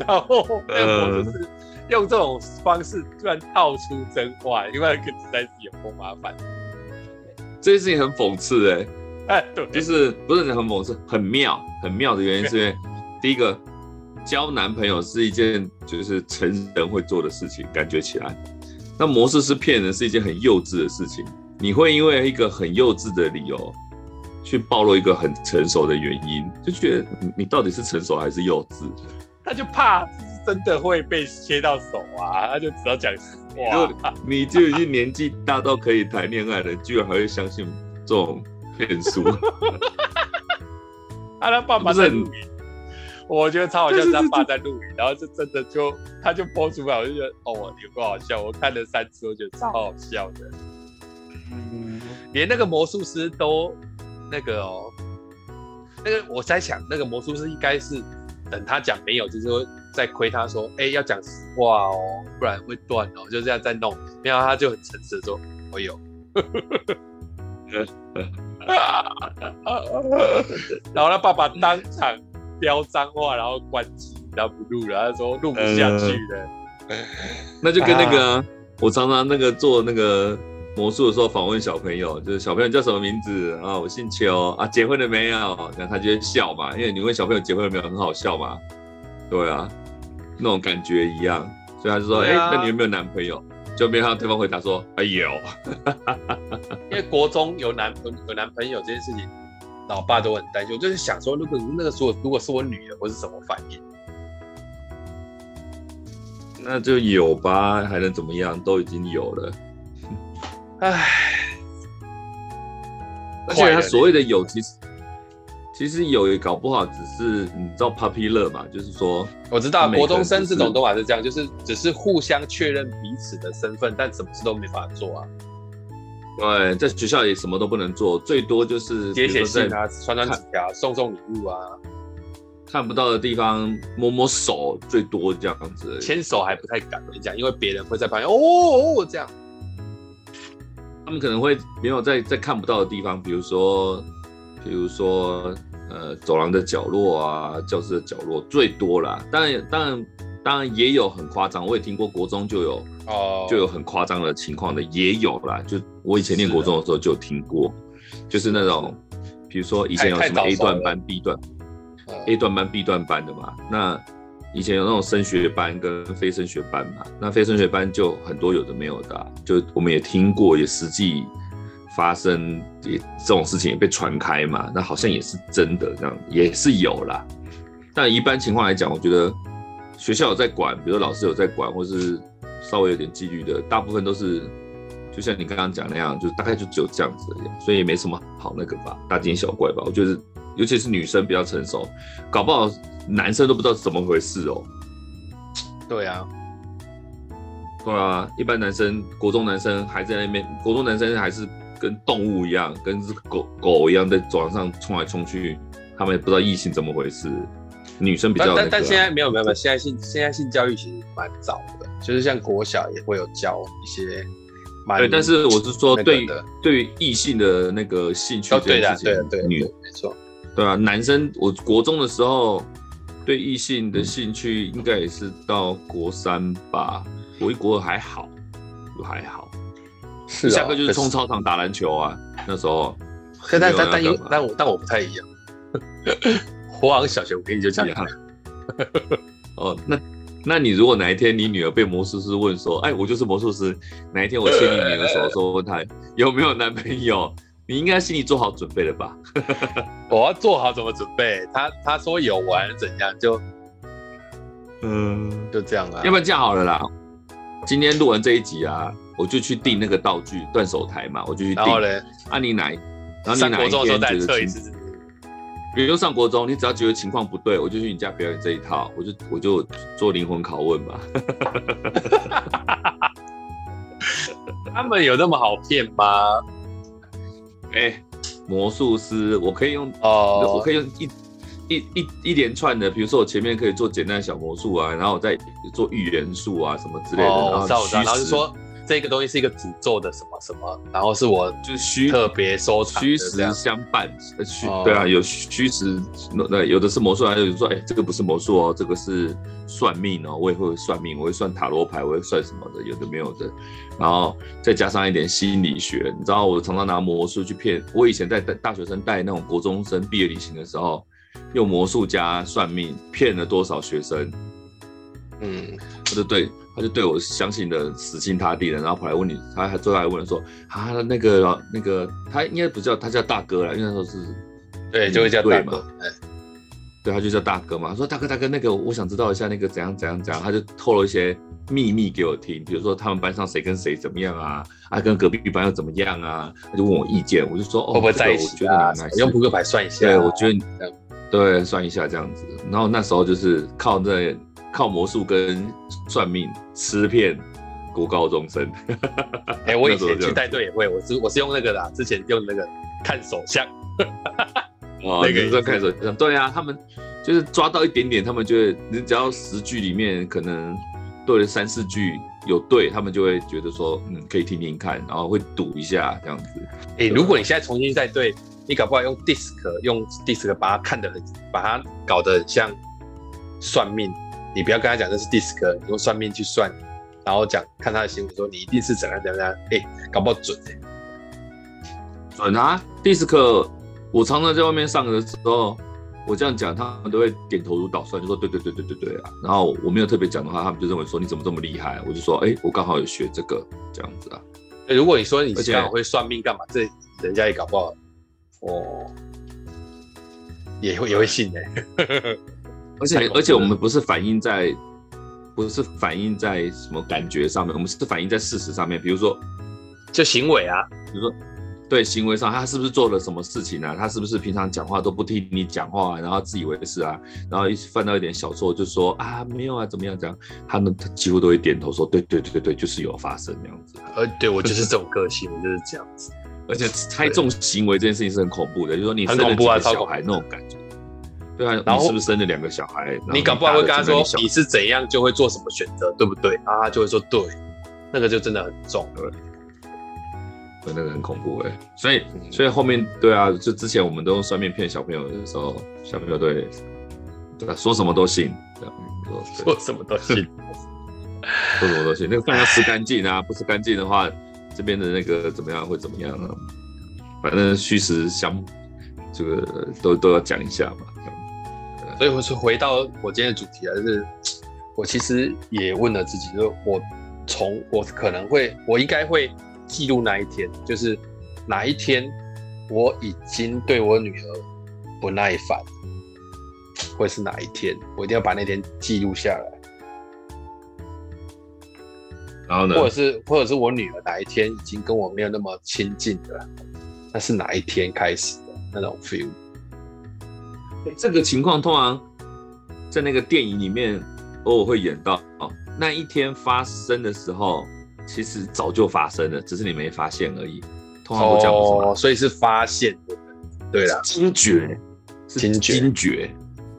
然後那個魔術師用這種方式突然套出真話，嗯、因為那個實在是有夠麻煩。這件事情很諷刺哎，哎對，就是不是很諷刺，很妙，很妙的原因是因為，第一個交男朋友是一件就是成人會做的事情，感覺起來，那模式是騙人，是一件很幼稚的事情。你會因為一個很幼稚的理由，去暴露一個很成熟的原因，就覺得你到底是成熟還是幼稚？他就怕真的會被牽到手啊，他就只要講。就哇你就已經年紀大到可以談戀愛了， 居然還會相信這種騙術。他、 啊、他爸爸在錄音，我覺得超好笑。他是爸在錄音，是是是，然後就真的就他就播出來，我就覺得哦，有多好笑。我看了三次，我覺得超好笑的。對連那個魔術師都那個哦，那個我在想，那個魔術師應該是等他講沒有，就是說。在虧他說，哎、欸，要講實話哦，不然會斷哦。就這樣在弄，然後他就很誠實的說，我、哎、有。然後他爸爸當場飆髒話，然後關機，他不錄了。然後他說錄不下去了、呃。那就跟那個、啊、我常常那個做那個魔術的時候，訪問小朋友，就是小朋友叫什麼名字啊？然後我姓邱啊，結婚了沒有？然後他就會笑嘛，因為你問小朋友結婚了沒有，很好笑嘛。對啊。那種感覺一樣，所以他就說：“哎、啊欸，那你有沒有男朋友？”啊、就變成對方回答說：“對對對哎、有。 ”因為國中有男朋友有男朋友這件事情，老爸都很擔心。我就是想說，如果那個時候，如果是我女兒，會是什麼反應？那就有吧，還能怎麼樣？都已經有了， 唉。了而且他所謂的有，們其實。其實有也搞不好，只是你知道 Papi 樂嘛？就是說，我知道國中生這種都還是這樣，就是只是互相確認彼此的身份，但什麼事都沒法做啊。對，在學校裡什麼都不能做，最多就是寫寫信啊，傳傳紙條，送送禮物啊，看不到的地方摸摸手最多這樣子。牽手還不太敢人家，因為別人會在旁邊哦，哦，哦，哦這樣。他們可能會沒有在在看不到的地方，比如說，比如說。呃，走廊的角落啊，教室的角落最多啦。當然，當然，當然也有很誇張。我也聽過國中就有，oh. 就有很誇張的情況的，也有啦。就我以前念國中的時候就聽過，是的。就是那種，比如說以前有什麼 A 段班、B 段，A 段班、B 段班的嘛。Oh. 那以前有那種升學班跟非升學班嘛。那非升學班就很多，有的沒有的、啊，就我們也聽過，也實際。發生這種事情也被傳開嘛？那好像也是真的，這樣也是有啦。但一般情況來講，我覺得學校有在管，比如老師有在管，或是稍微有點紀律的，大部分都是就像你剛剛講那樣，就大概就只有這樣子而已，所以也沒什麼好那個吧，大驚小怪吧。我覺得，尤其是女生比較成熟，搞不好男生都不知道是怎麼回事哦。對啊，對啊，一般男生，國中男生還在那邊，國中男生還是。跟動物一樣，跟只狗狗一樣在走廊上衝來衝去，他們也不知道異性怎麼回事。女生比較、啊……多。但但現在沒有沒有沒有，現在性現在性教育其實蠻早的，就是像國小也會有教一些、嗯。對，但是我是說，對的，對異性的那個興趣。哦女，對的，對女對。女，沒錯，對啊，男生，我國中的時候對異性的興趣應該也是到國三吧？回、嗯、國，國還好，還好。是哦，下課就是衝操場打籃球啊！哦，那時候，但但但但，但我但我不太一樣。我 小學我跟你就講 哦，那那你如果哪一天你女兒被魔術師問說：“哎，我就是魔術師。”哪一天我牽你女兒手的時候說：“問她有沒有男朋友？”欸欸欸你應該心裡做好準備了吧？ 我要做好怎麼準備？他她說有玩怎樣就嗯就這樣了，啊。要不然這樣好了啦，今天錄完這一集啊。我就去訂那個道具斷手台嘛，我就去訂。然後呢？啊，你哪？然後你哪一天覺得情…上國中的時候再來測一次。比如說上國中，你只要覺得情況不對，我就去你家表演這一套，我就我就做靈魂拷問吧。 他們有那麽好騙嗎？哎、欸，魔術師，我可以用哦，oh. 我可以用一一一一連串的，比如說我前面可以做簡單的小魔術啊，然後我再做預言術啊什麽之類的。Oh, 然後就說。這個東西是一個詛咒的什麼什麼，然後是我就虛特別收藏，虛實相伴。虛，對啊，有虛實，那有的是魔術，還有人說，哎，這個不是魔術哦，這個是算命哦，我也會算命，我會算塔羅牌，我會算什麼的，有的沒有的，然後再加上一點心理學，你知道，我常常拿魔術去騙。我以前在大大學生帶那種國中生畢業旅行的時候，用魔術加算命騙了多少學生？嗯，對對對。他就對我相信的死心塌地的，然後跑來問你，他還最後還問說啊，那個那個他應該不叫他叫大哥了，因為那時候是，對，對嘛，就會叫大哥，對，對，他就叫大哥嘛，說大哥大哥，那個我想知道一下那個怎樣怎樣怎樣，他就透露一些秘密給我聽，比如說他們班上誰跟誰怎麼樣啊，啊跟隔壁班又怎麼樣啊，他就問我意見，我就說哦，會不會在一起，哦這個、你、啊、用撲克牌算一下、啊，對，我覺得你對，算一下這樣子。然後那時候就是靠在。靠魔術跟算命吃遍國高中生。哎、 欸，我以前去帶隊也會，我是我是用那個啦，之前用那個看手相。 哦，每個人都在看手相，對啊，他們就是抓到一點點，他們就會，你只要十句裡面可能對了三四句有對，他們就會覺得說，嗯，可以聽聽看，然後會賭一下這樣子。哎、欸，如果你現在重新帶隊，你搞不好用 disc，用 disc 把它看得很，把它搞得很像算命。你不要跟他講這是 Disc，你用算命去算，然後講看他的行為說你一定是怎樣怎樣怎樣，哎、欸，搞不好準哎、欸，準啊 Disc，我常常在外面上課的時候，我這樣講他們都會點頭如搗蒜，就說對對對對對對啊。然後我沒有特別講的話，他們就認為說你怎麼這麼厲害、啊？我就說哎、欸，我剛好有學這個這樣子啊、欸。如果你說你剛好會算命幹嘛且幹，這人家也搞不好哦，也會也會信的、欸。 而且而且我們不是反映在，不是反映在什麼感覺上面，我們是反映在事實上面。比如說，就行為啊，比如說對行為上，他是不是做了什麼事情啊？他是不是平常講話都不聽你講話，然後自以為是啊？然後一犯到一點小錯，就說啊沒有啊怎麼樣？怎樣他們幾乎都會點頭說對對對對，就是有發生這樣子。呃，對我就是這種個性，我 就是這樣子。而且猜中行為這件事情是很恐怖的，對就是說你很恐怖啊，小孩那種感覺。對啊，後你是不是生了兩個小孩？你，你搞不好會跟他說你，你是怎樣就會做什麼選擇，對不對？啊，他就會說對，那個就真的很重了，對，不對，對，那個很恐怖哎。所以，所以後面對啊，就之前我們都用算命騙小朋友的時候，小朋友對，對啊、說什麼都信，對、啊，對說什麼都信， 說什麼都信。那個飯要吃乾淨啊，不吃乾淨的話，這邊的那個怎麼樣會怎麼樣啊？反正虛實相，這個都都要講一下嘛。所以我是回到我今天的主題啊，就是我其實也問了自己，就我從我可能會，我應該會記錄那一天，就是哪一天我已經對我女兒不耐煩，或者是哪一天，我一定要把那天記錄下來。然後呢，或者是，或者是我女兒哪一天已經跟我沒有那麼親近的，那是哪一天開始的那種 feel。這個情況通常在那個電影裡面偶爾、哦、會演到哦。那一天發生的時候，其實早就發生了，只是你沒發現而已。通常都講哦，是嗎？所以是發現的，對啦，驚覺，驚驚覺，覺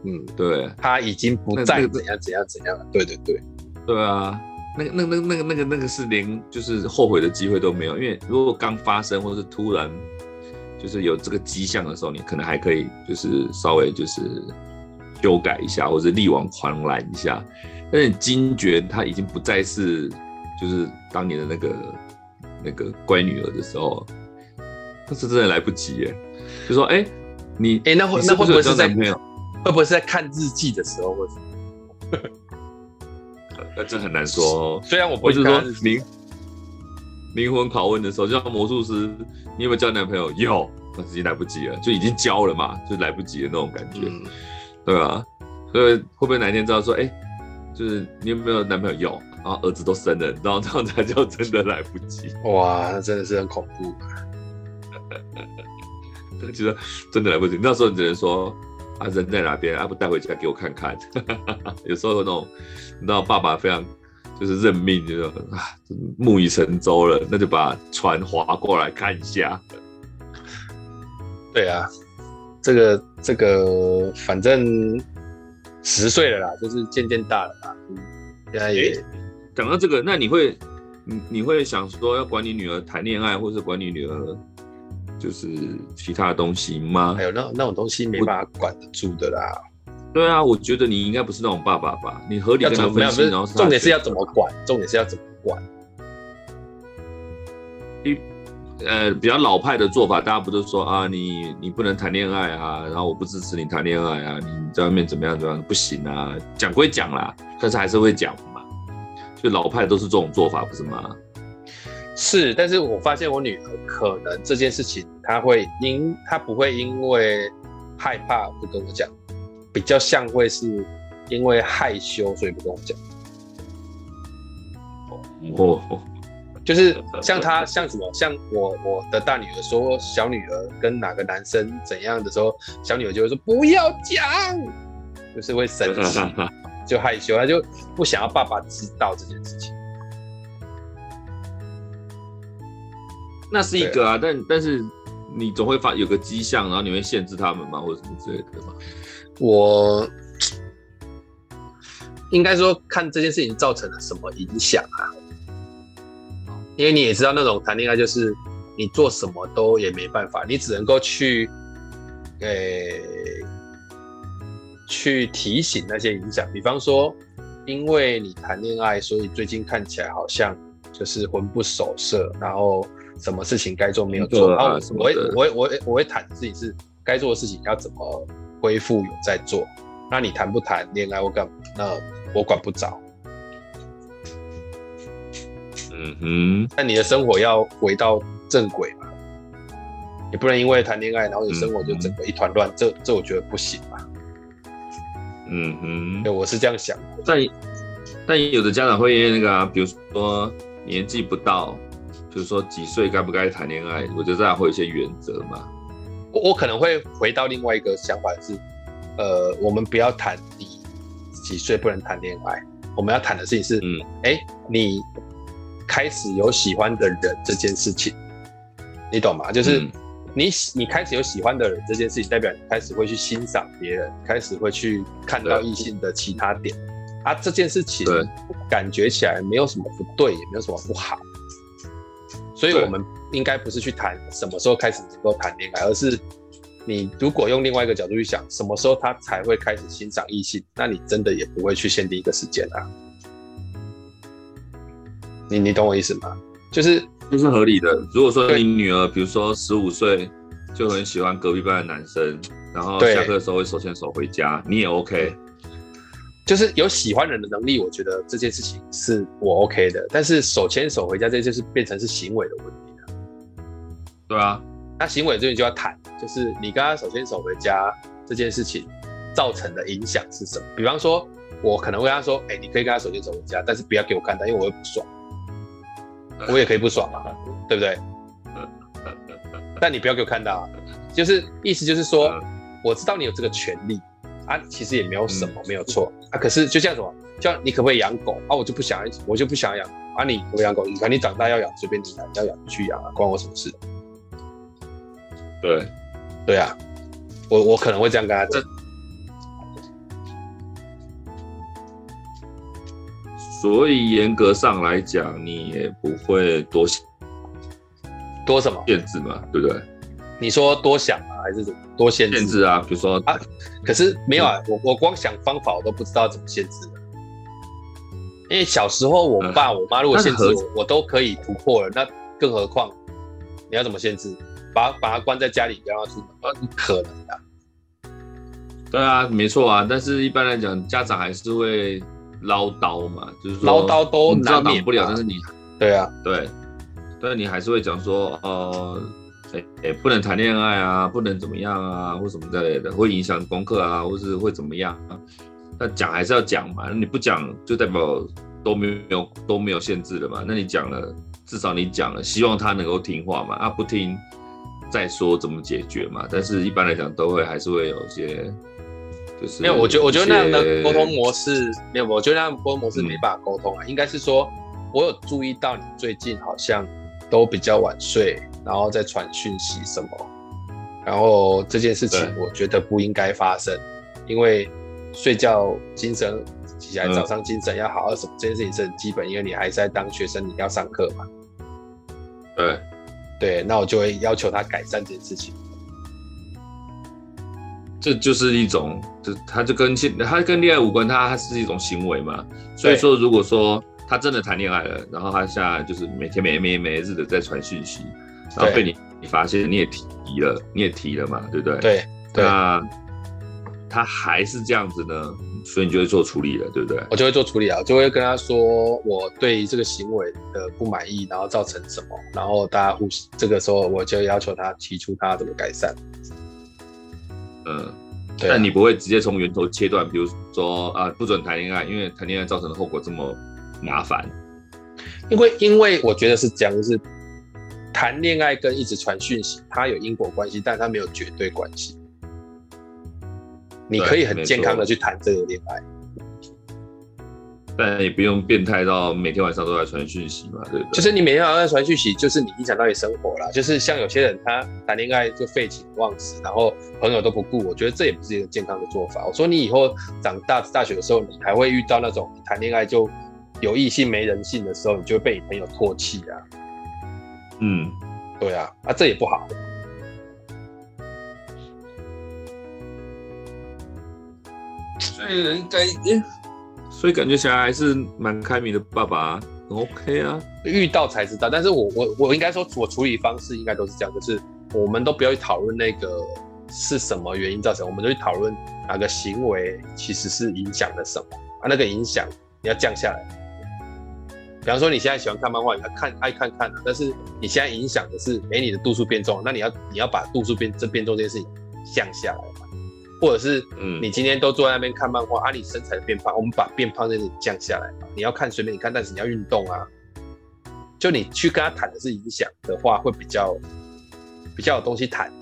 嗯，對，他已經不再、那個、怎樣怎樣怎樣了。對對對，對啊、那個，那那個、那那個那個、那個、那個是連就是後悔的機會都沒有，因為如果剛發生或者是突然。就是有這個跡象的時候，你可能還可以，就是稍微就是修改一下，或者力挽狂瀾一下。但你驚覺他已經不再是就是當年的那個那個乖女兒的時候，那是真的來不及耶。就說，哎、欸，你哎、欸，那會是是那會不會是在會不會是在看日記的時候，會 那這很難說，雖然我不是說你，您。靈魂拷問的時候，就像魔術師，你有沒有交男朋友？有，那時間來不及了，就已經交了嘛，就來不及的那種感覺，嗯、對啊，所以會不會哪一天知道說，哎、欸，就是你有沒有男朋友？有，然後兒子都生了，然後這樣才叫真的來不及。哇，那真的是很恐怖。哈哈 就說真的來不及，那時候你只能說，啊，人在哪邊？啊，不帶回家給我看看。 有時候有那種，你知道，爸爸非常。就是認命就說，啊，就是啊，木已成舟了，那就把船划過來看一下。對啊，這個這個，反正十歲了啦，就是漸漸大了啦。嗯，現在也。講、欸、到這個，那你會，你你會想說要管你女兒談戀愛，或是管你女兒就是其他的東西嗎？還有、哎、那那種東西沒辦法管得住的啦。對啊，我覺得你應該不是那種爸爸吧？你合理的分析，然後重點是要怎麼管，重點是要怎麼管。呃，比較老派的做法，大家不都說啊，你你不能談戀愛啊，然後我不支持你談戀愛啊，你在外面怎麼樣怎麼樣不行啊，講歸講啦，但是還是會講嘛。就老派都是這種做法，不是嗎？是，但是我發現我女兒可能這件事情，她會因她不會因為害怕不跟我講。比較像會是因為害羞，所以不跟我講。哦，就是像他像什麼，像我我的大女兒說小女兒跟哪個男生怎樣的時候，小女兒就會說不要講，就是會生氣，就害羞，她就不想要爸爸知道這件事情。那是一個啊，但但是你總會發有個跡象，然後你會限制他們嘛，或者什麼之類的嗎？我應該說，看這件事情造成了什麼影響啊？因為你也知道，那種談戀愛就是你做什麼都也沒辦法，你只能夠去誒、欸、去提醒那些影響。比方說，因為你談戀愛，所以最近看起來好像就是魂不守舍，然後什麼事情該做沒有做、嗯、做啊？我我我我我會談自己是該做的事情要怎麼。恢復有在做，那你談不談戀愛幹？我管，那我管不着。嗯哼，那你的生活要回到正軌嘛？你不能因為談戀愛，然後你生活就整個一團亂，嗯、哼這這我覺得不行嘛。嗯哼，對，我是這樣想。但但有的家長會那個啊，比如說年紀不到，比如說幾歲該不該談戀愛？我覺得這樣會有一些原則嘛。我可能會回到另外一個想法是，呃，我們不要談你幾歲不能談戀愛，我們要談的事情是，嗯，哎、欸，你開始有喜歡的人這件事情，你懂嗎？就是你、嗯、你開始有喜歡的人這件事情，代表你開始會去欣賞別人，開始會去看到異性的其他點對啊，這件事情感覺起來沒有什麼不對，也沒有什麼不好，所以我們。應該不是去談什麼時候開始能夠談戀愛，而是你如果用另外一個角度去想，什麼時候他才會開始欣賞異性，那你真的也不會去限定一個時間啊。你你懂我意思嗎？就是就是合理的。如果說你女兒，對比如說十五歲就很喜歡隔壁班的男生，然後下課的時候會手牽手回家，你也 OK。就是有喜歡人的能力，我覺得這件事情是我 OK 的。但是手牽手回家，這就是變成是行為的問題。對啊，那行為這邊就要談，就是你跟他手牽手回家這件事情造成的影響是什麼？比方說，我可能會跟他說，哎、欸，你可以跟他手牽手回家，但是不要給我看到，因為我又不爽。我也可以不爽嘛、啊， 對不對？ 但你不要給我看到，就是意思就是說， 我知道你有這個權利啊，其實也沒有什麼，沒有錯、嗯、啊。可是就像什麼，像你可不可以養狗啊？我就不想，我就不想養啊。你可不可以養狗，你看你長大要養，隨便你來，你要養啊，要養去養啊，關我什麼事？對，對啊，我我可能會這樣跟他講。所以嚴格上來講，你也不會多想多什麼限制嘛，對不對？你說多想啊，還是多限制？限制啊，比如說啊，可是沒有啊，嗯、我我光想方法，我都不知道怎麼限制、啊。因為小時候我爸、嗯、我媽如果限制我，我都可以突破了，那更何況你要怎麼限制？把他把他關在家裡，不要讓他出門，那不可能的。對啊，沒錯啊。但是，一般來講，家長還是會嘮叨嘛，就是說嘮叨都難免不了。但是你對啊，對，但你還是會講說，呃，欸欸、不能談戀愛啊，不能怎麼樣啊，或什麼之類的，會影響功課啊，或是會怎麼樣、啊？那講還是要講嘛，你不講就代表都沒有都沒有限制了嘛。那你講了，至少你講了，希望他能夠聽話嘛。啊，不聽。再說怎麼解決嘛？但是一般來講，都會還是會有些，就是沒有。我覺得，我覺得那樣的溝通模式，沒有，我覺得那樣溝通模式沒辦法溝通啊。嗯、應該是說，我有注意到你最近好像都比較晚睡，然後在傳訊息什麼，然後這件事情我覺得不應該發生，對因為睡覺精神起來早上精神要好好什麼，嗯、這件事情是很基本，因為你還是在當學生，你要上課嘛。對。對，那我就會要求他改善這件事情。這就是一種，就他就跟戀他跟戀愛無關，他是一種行為嘛。所以說，如果說他對真的談戀愛了，然後他現在，就是每天每每每日的在傳訊息，然後被你對你發現，你也提了，你也提了嘛，對不對？對，對那他還是這樣子呢？所以你就會做處理了，對不對？我就會做處理啊，我就會跟他說我對這個行為的不滿意，然後造成什麼，然後大家這個時候，我就要求他提出他怎麼改善。嗯，啊、但你不會直接從源頭切斷，比如說啊，不准談戀愛，因為談戀愛造成的後果這麼麻煩。因為因為我覺得是這樣，就是談戀愛跟一直傳訊息，它有因果關係，但它沒有絕對關係。你可以很健康的去談這個戀愛，但也不用變態到每天晚上都在傳訊息嘛，對不對？就是你每天晚上在傳訊息，就是你影響到你生活了。就是像有些人，他談戀愛就廢寢忘食，然後朋友都不顧。我覺得這也不是一個健康的做法。我說你以後長大大學的時候，你還會遇到那種談戀愛就有異性沒人性的時候，你就會被你朋友唾棄啊。嗯，對啊，啊，這也不好。欸欸、所以感覺小孩還是蠻開明的爸爸、啊，很 OK 啊。遇到才知道，但是我我我應該說，我處理方式應該都是這樣，就是我們都不要去討論那個是什麼原因造成，我們就去討論哪個行為其實是影響了什麼，啊，那個影響你要降下來。比方說你現在喜歡看漫畫，你要看愛看看、啊，但是你現在影響的是沒、欸、你的度數變重，那你要你要把度數變這變重這件事情降下來。或者是，你今天都坐在那邊看漫畫，嗯、啊，你身材的變胖，我們把變胖那個降下來。你要看隨便你看，但是你要運動啊。就你去跟他談的是影響的話，會比較比較有東西談、啊。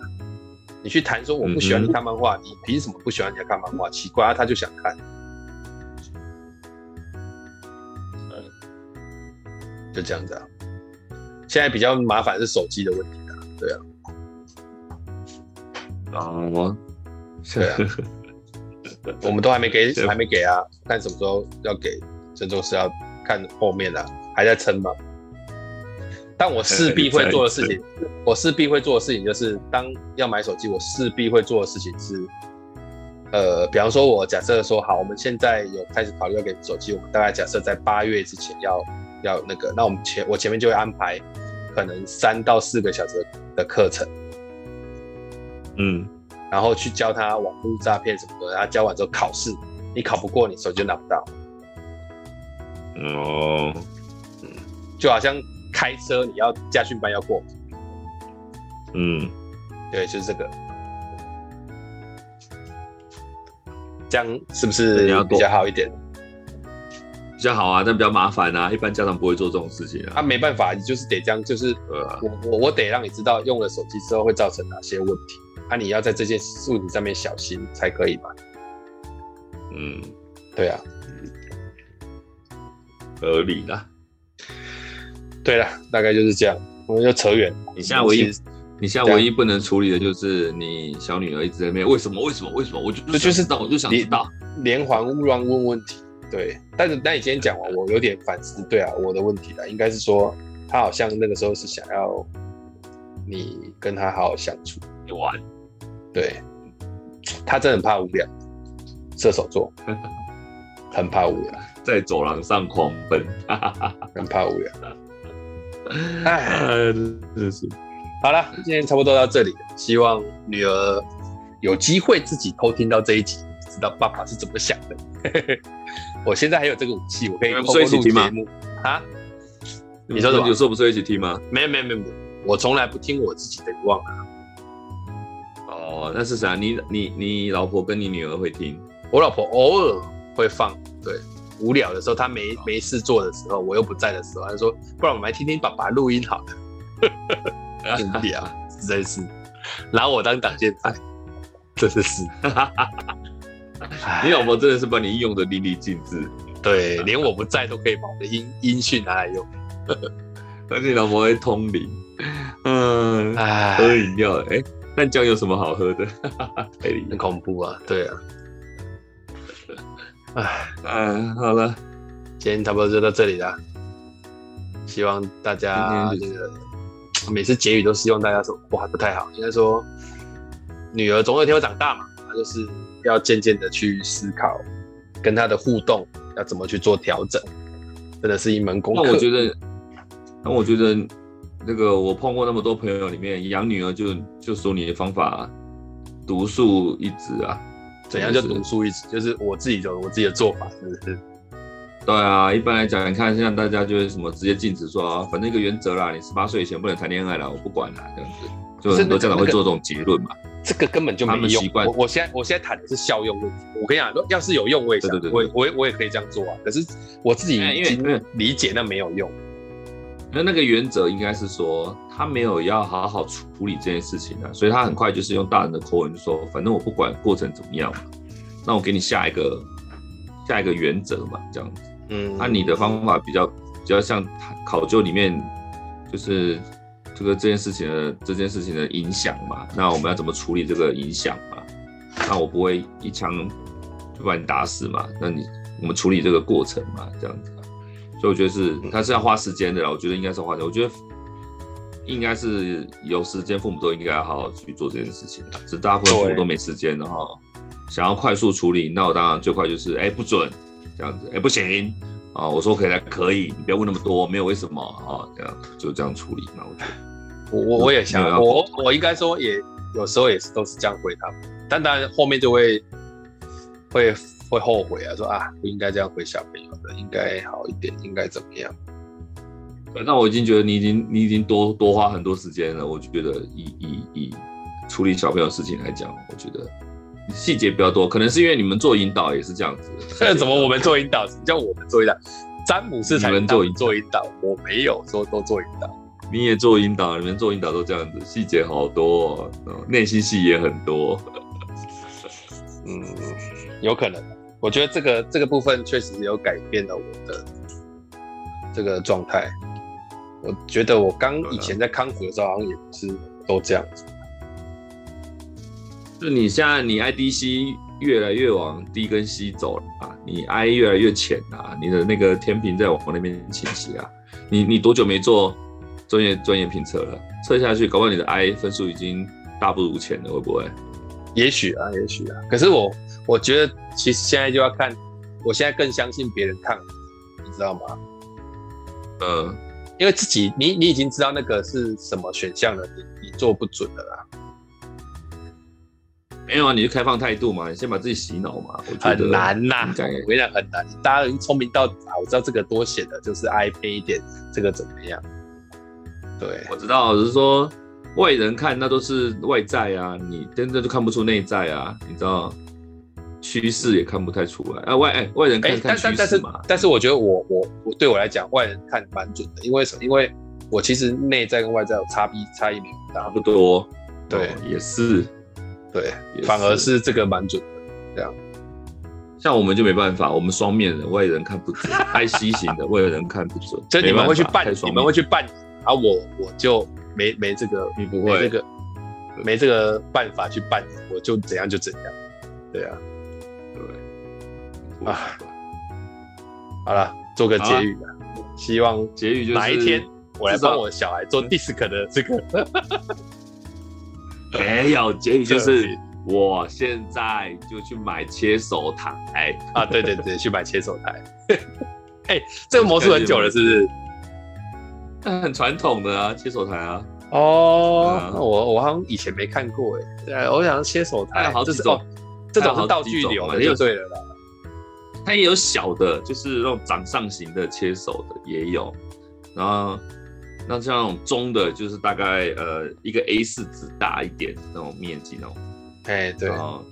你去談說我不喜歡你看漫畫，嗯、哼你憑什麼不喜歡人家看漫畫？奇怪，啊、他就想看。嗯，就這樣子啊。現在比較麻煩是手機的問題啊，對啊。啊我、嗯。是啊， 我們都還沒給，還沒給啊，是看什麼時候要給，這都是要看後面啊，還在撐嗎？但我勢必會做的事情， 我勢必會做的事情就是，當要買手機，我勢必會做的事情是，呃，比方說，我假設說，好，我們現在有開始考慮要給手機，我們大概假設在八月之前要要那個，那我們前我前面就會安排，可能三到四個小時的課程，嗯。然後去教他網絡詐騙什麼的，他、啊、教完之後考試，你考不過，你手機就拿不到。哦，嗯，就好像開車，你要駕訓班要過。嗯，mm. 對，就是這個，這樣是不是比較好一點？嗯、比較好啊，但比較麻煩啊，一般家長不會做這種事情啊。他、啊、沒辦法，你就是得這樣，就是、啊、我我我得讓你知道用了手機之後會造成哪些問題。那、啊、你要在這些事情上面小心才可以吧？嗯，對啊，合理的。對了、啊，大概就是這樣。我們要扯遠。你現在唯一，你現在唯一不能處理的就是你小女兒一直在那邊，這樣為什麼，為什麼，為什麼？我就是想就，就是，那我就想你打連環問亂問問題。對，但是那你今天講完，我有點反思。對啊，我的問題啦，應該是說她好像那個時候是想要你跟她好好相處你玩。對他真的很怕無聊，射手座很怕無聊，在走廊上狂奔，很怕無聊。哎，是是。好了，今天差不多到這裡，希望女兒有機會自己偷聽到這一集，知道爸爸是怎麼想的。 我現在還有這個武器，我可以偷錄節目啊？你說什麼？我不是說一起聽嗎？啊、聽嗎，沒有沒有沒有，我從來不聽我自己的，忘了哦，那是啥、啊？你你你老婆跟你女兒會聽？我老婆偶爾會放，對，無聊的時候，她沒沒事做的時候，我又不在的時候，她說：“不然我們來聽聽爸爸錄音好了，好 的。 ”啊屌，真是拿我當擋箭牌，真的是。你老婆真的是把你用的淋漓盡致，對，連我不在都可以把我的音音訊拿來用。而且 老婆會通靈，嗯，喝飲料，哎、欸。但酒有什麼好喝的？ 很恐怖啊！對啊，哎，嗯，好了，今天差不多就到這裡了。希望大家就是每次結語都希望大家說：“哇，不太好。”應該說，女兒總有一天會長大嘛，就是要漸漸的去思考跟她的互動要怎麼去做調整。真的是一門功課。那我覺得，那我覺得。那個我碰過那麼多朋友裡面，養女兒，就就說你的方法獨樹一幟啊，這樣子，怎樣叫獨樹一幟？就是我自己的，我自己的做法，是不是？對啊，一般來講，你看像大家就是什麼直接禁止說啊，反正一個原則啦，你十八歲以前不能談戀愛啦，我不管啦。這樣子，就很多家長會做這種結論嘛。那個那個。這個根本就沒用。我我現在我現在談的是效用論，我跟你講，要是有用，我也，對,對對對，我我我也可以這樣做啊。可是我自己因為理解那沒有用。那那個原則應該是說，他沒有要好好處理這件事情啊，所以他很快就是用大人的口吻就說：“反正我不管過程怎麼樣嘛，那我給你下一個下一個原則嘛，這樣子。”嗯，那你的方法比較比較像考究裡面，就是這個這件事情的這件事情的影響嘛，那我們要怎麼處理這個影響嘛？那我不會一槍就把你打死嘛？那你我們處理這個過程嘛，這樣子。所以我覺得是，他是要花時間的。我覺得應該是花時間。我覺得應該是有時間，父母都應該要好好去做這件事情的。是大部分父母都沒時間的哈對、哦。想要快速處理，那我當然最快就是，哎，不准這樣子，哎，不行啊、哦！我說可以來，可以，你不要問那麼多，沒有為什麼啊、哦，這樣就這樣處理嘛。那我覺得我我也想要，我我應該說也有時候也是都是這樣回答，但當然後面就會會。會後悔啊，說啊，不應該這樣回小朋友的，應該好一點，應該怎麼樣？反正我已經覺得你已經你已經多多花很多時間了。我覺得以以以處理小朋友事情來講，我覺得細節比較多，可能是因為你們做引導也是這樣子。怎麼我們做引導？ 什麼叫我們做引導？詹姆斯才做做引導，引導我沒有說都做引導。你也做引導，你們做引導都這樣子，細節好多，嗯，內心戲也很多。 嗯，有可能。我覺得這個這個部分確實有改變了我的這個狀態。我覺得我剛以前在康復的時候好像也是都這樣子。就你現在你 I D C 越來越往 D 跟 C 走了啊，你 I 越來越淺啊，你的那個天平在往那邊傾斜啊。你你多久沒做專業專業評測了？測下去，搞不好你的 I 分數已經大不如前了，會不會？也許啊，也許啊。可是我。我覺得其實現在就要看，我現在更相信別人看，你知道嗎？嗯、呃，因為自己你你已經知道那個是什麼選項了，你你做不準的啦。沒有啊，你就開放態度嘛，你先把自己洗腦嘛。很、啊、難啦、啊！應該 我跟你講很難，大家已經聰明到啊，我知道這個多險的，就是愛偏一點，這個怎麼樣？對，我知道。我是說外人看那都是外在啊，你真的就看不出內在啊，你知道。趨勢也看不太出來啊，外外人看，但但但是，但是我覺得我我我對我來講，外人看蠻準的，因為什麼？因為，我其實內在跟外在有差別，差一點，差不多。對，也是，對，反而是這個蠻準的，這樣。像我們就沒辦法，我們雙面人，外人看不準，I C 型的外人看不準。所以你們會去扮，你們會去扮，啊，我我就沒沒這個，你不會這個，沒這個辦法去辦，我就怎樣就怎樣。對啊。對啊，好了，做個結語了。希望結語就是哪一天我來幫我小孩做 DISC 的這個。沒有結語就是我現在就去買切手台啊！對對對，去買切手台。哎，這個魔術很久了，是不是？那很傳統的啊，切手台啊。哦，我我好像以前沒看過哎，我想要切手台好幾種這種是道具流，也有對的，它也有小的，就是那種掌上型的切手的也有。然後，那像那種中的，就是大概呃一個 A 四紙大一點那種面積那種。哎、欸，對，然後，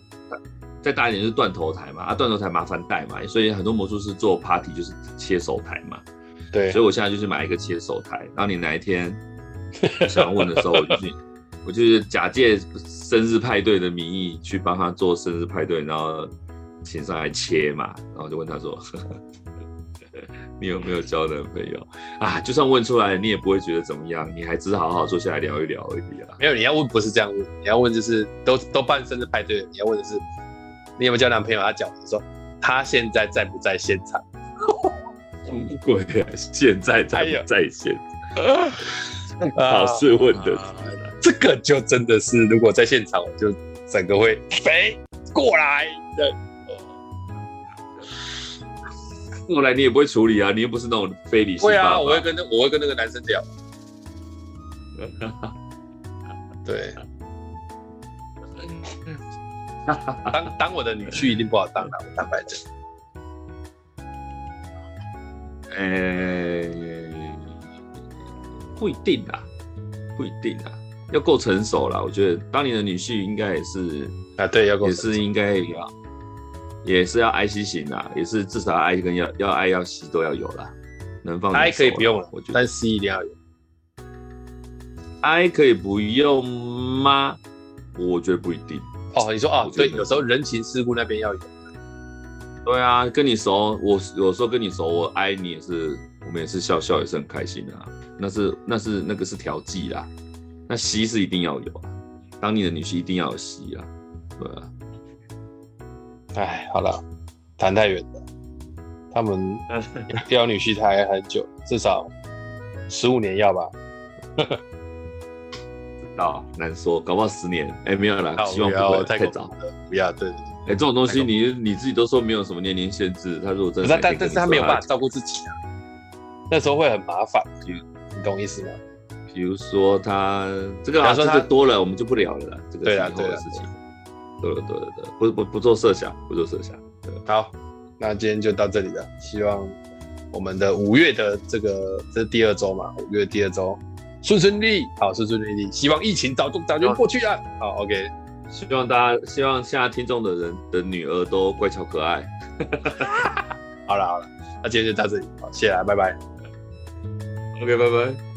再大一點就是斷頭台嘛，啊，斷頭台麻煩帶嘛，所以很多魔術師做 party 就是切手台嘛。對，所以我現在就去買一個切手台，然後你哪一天想要問的時候我就去，你。 我就是假借生日派對的名義去幫他做生日派對，然後請上來切嘛，然後就問他說呵呵：“你有沒有交男朋友？”啊，就算問出來，你也不會覺得怎麼樣，你還只是好好坐下來聊一聊而已啦、啊。沒有，你要問不是這樣問，你要問就是都都辦生日派對，你要問的是你有沒有交男朋友。他講說他現在在不在現場？不會、 啊，現在在不在現場、哎、呦 好是問的。啊這個就真的是，如果在現場，我就整個會飛過來的。過來你也不會處理啊，你又不是那種非禮。會啊，我會跟那，我會跟那個男生聊。 對。 當當我的女婿一定不好當、啊、我坦白講。呃、 欸，不一定啦、啊，不一定啦、啊。要夠成熟啦，我覺得當你的女婿應該也是啊，對，要也是應該要，也是要愛惜型啦，也是至少愛跟要、嗯、要愛要惜都要有啦。能放，愛可以不用了，我覺得，但惜一定要有。愛可以不用嗎？我覺得不一定。哦，你說哦，對，有時候人情世故那邊要有。對啊，跟你熟，我有時候跟你熟，我愛你也是，我們也是笑笑也是很開心的、啊，那是那是，那，是那個是調劑啦。那息是一定要有啊，當你的女婿一定要有息啊，對啊，哎，好了，談太遠了。他們雕女婿太很久，至少十五年要吧？知道，難說，搞不好十年。哎、欸，沒有啦，嗯、希望不要太，太早不要對。哎、欸，這種東西你你自己都說沒有什麼年齡限制，他如果真的，那但但是他沒有辦法照顧自己啊，那時候會很麻煩，嗯、你懂意思嗎？比如說他這個打算就多了，啊、我們就不聊了啦。對啊，這個以後的事情，多了多不不不做設想，不做設想。對，好，那今天就到這裡了。希望我們的五月的這個，這個、第二周嘛？五月第二周順順利利，好順順利利。希望疫情早中早就過去了。嗯、好，OK。希望大家，希望現在聽眾的人的女兒都乖巧可愛。 好了好了，那今天就到這裡。好，謝謝啦，拜拜。OK，拜拜。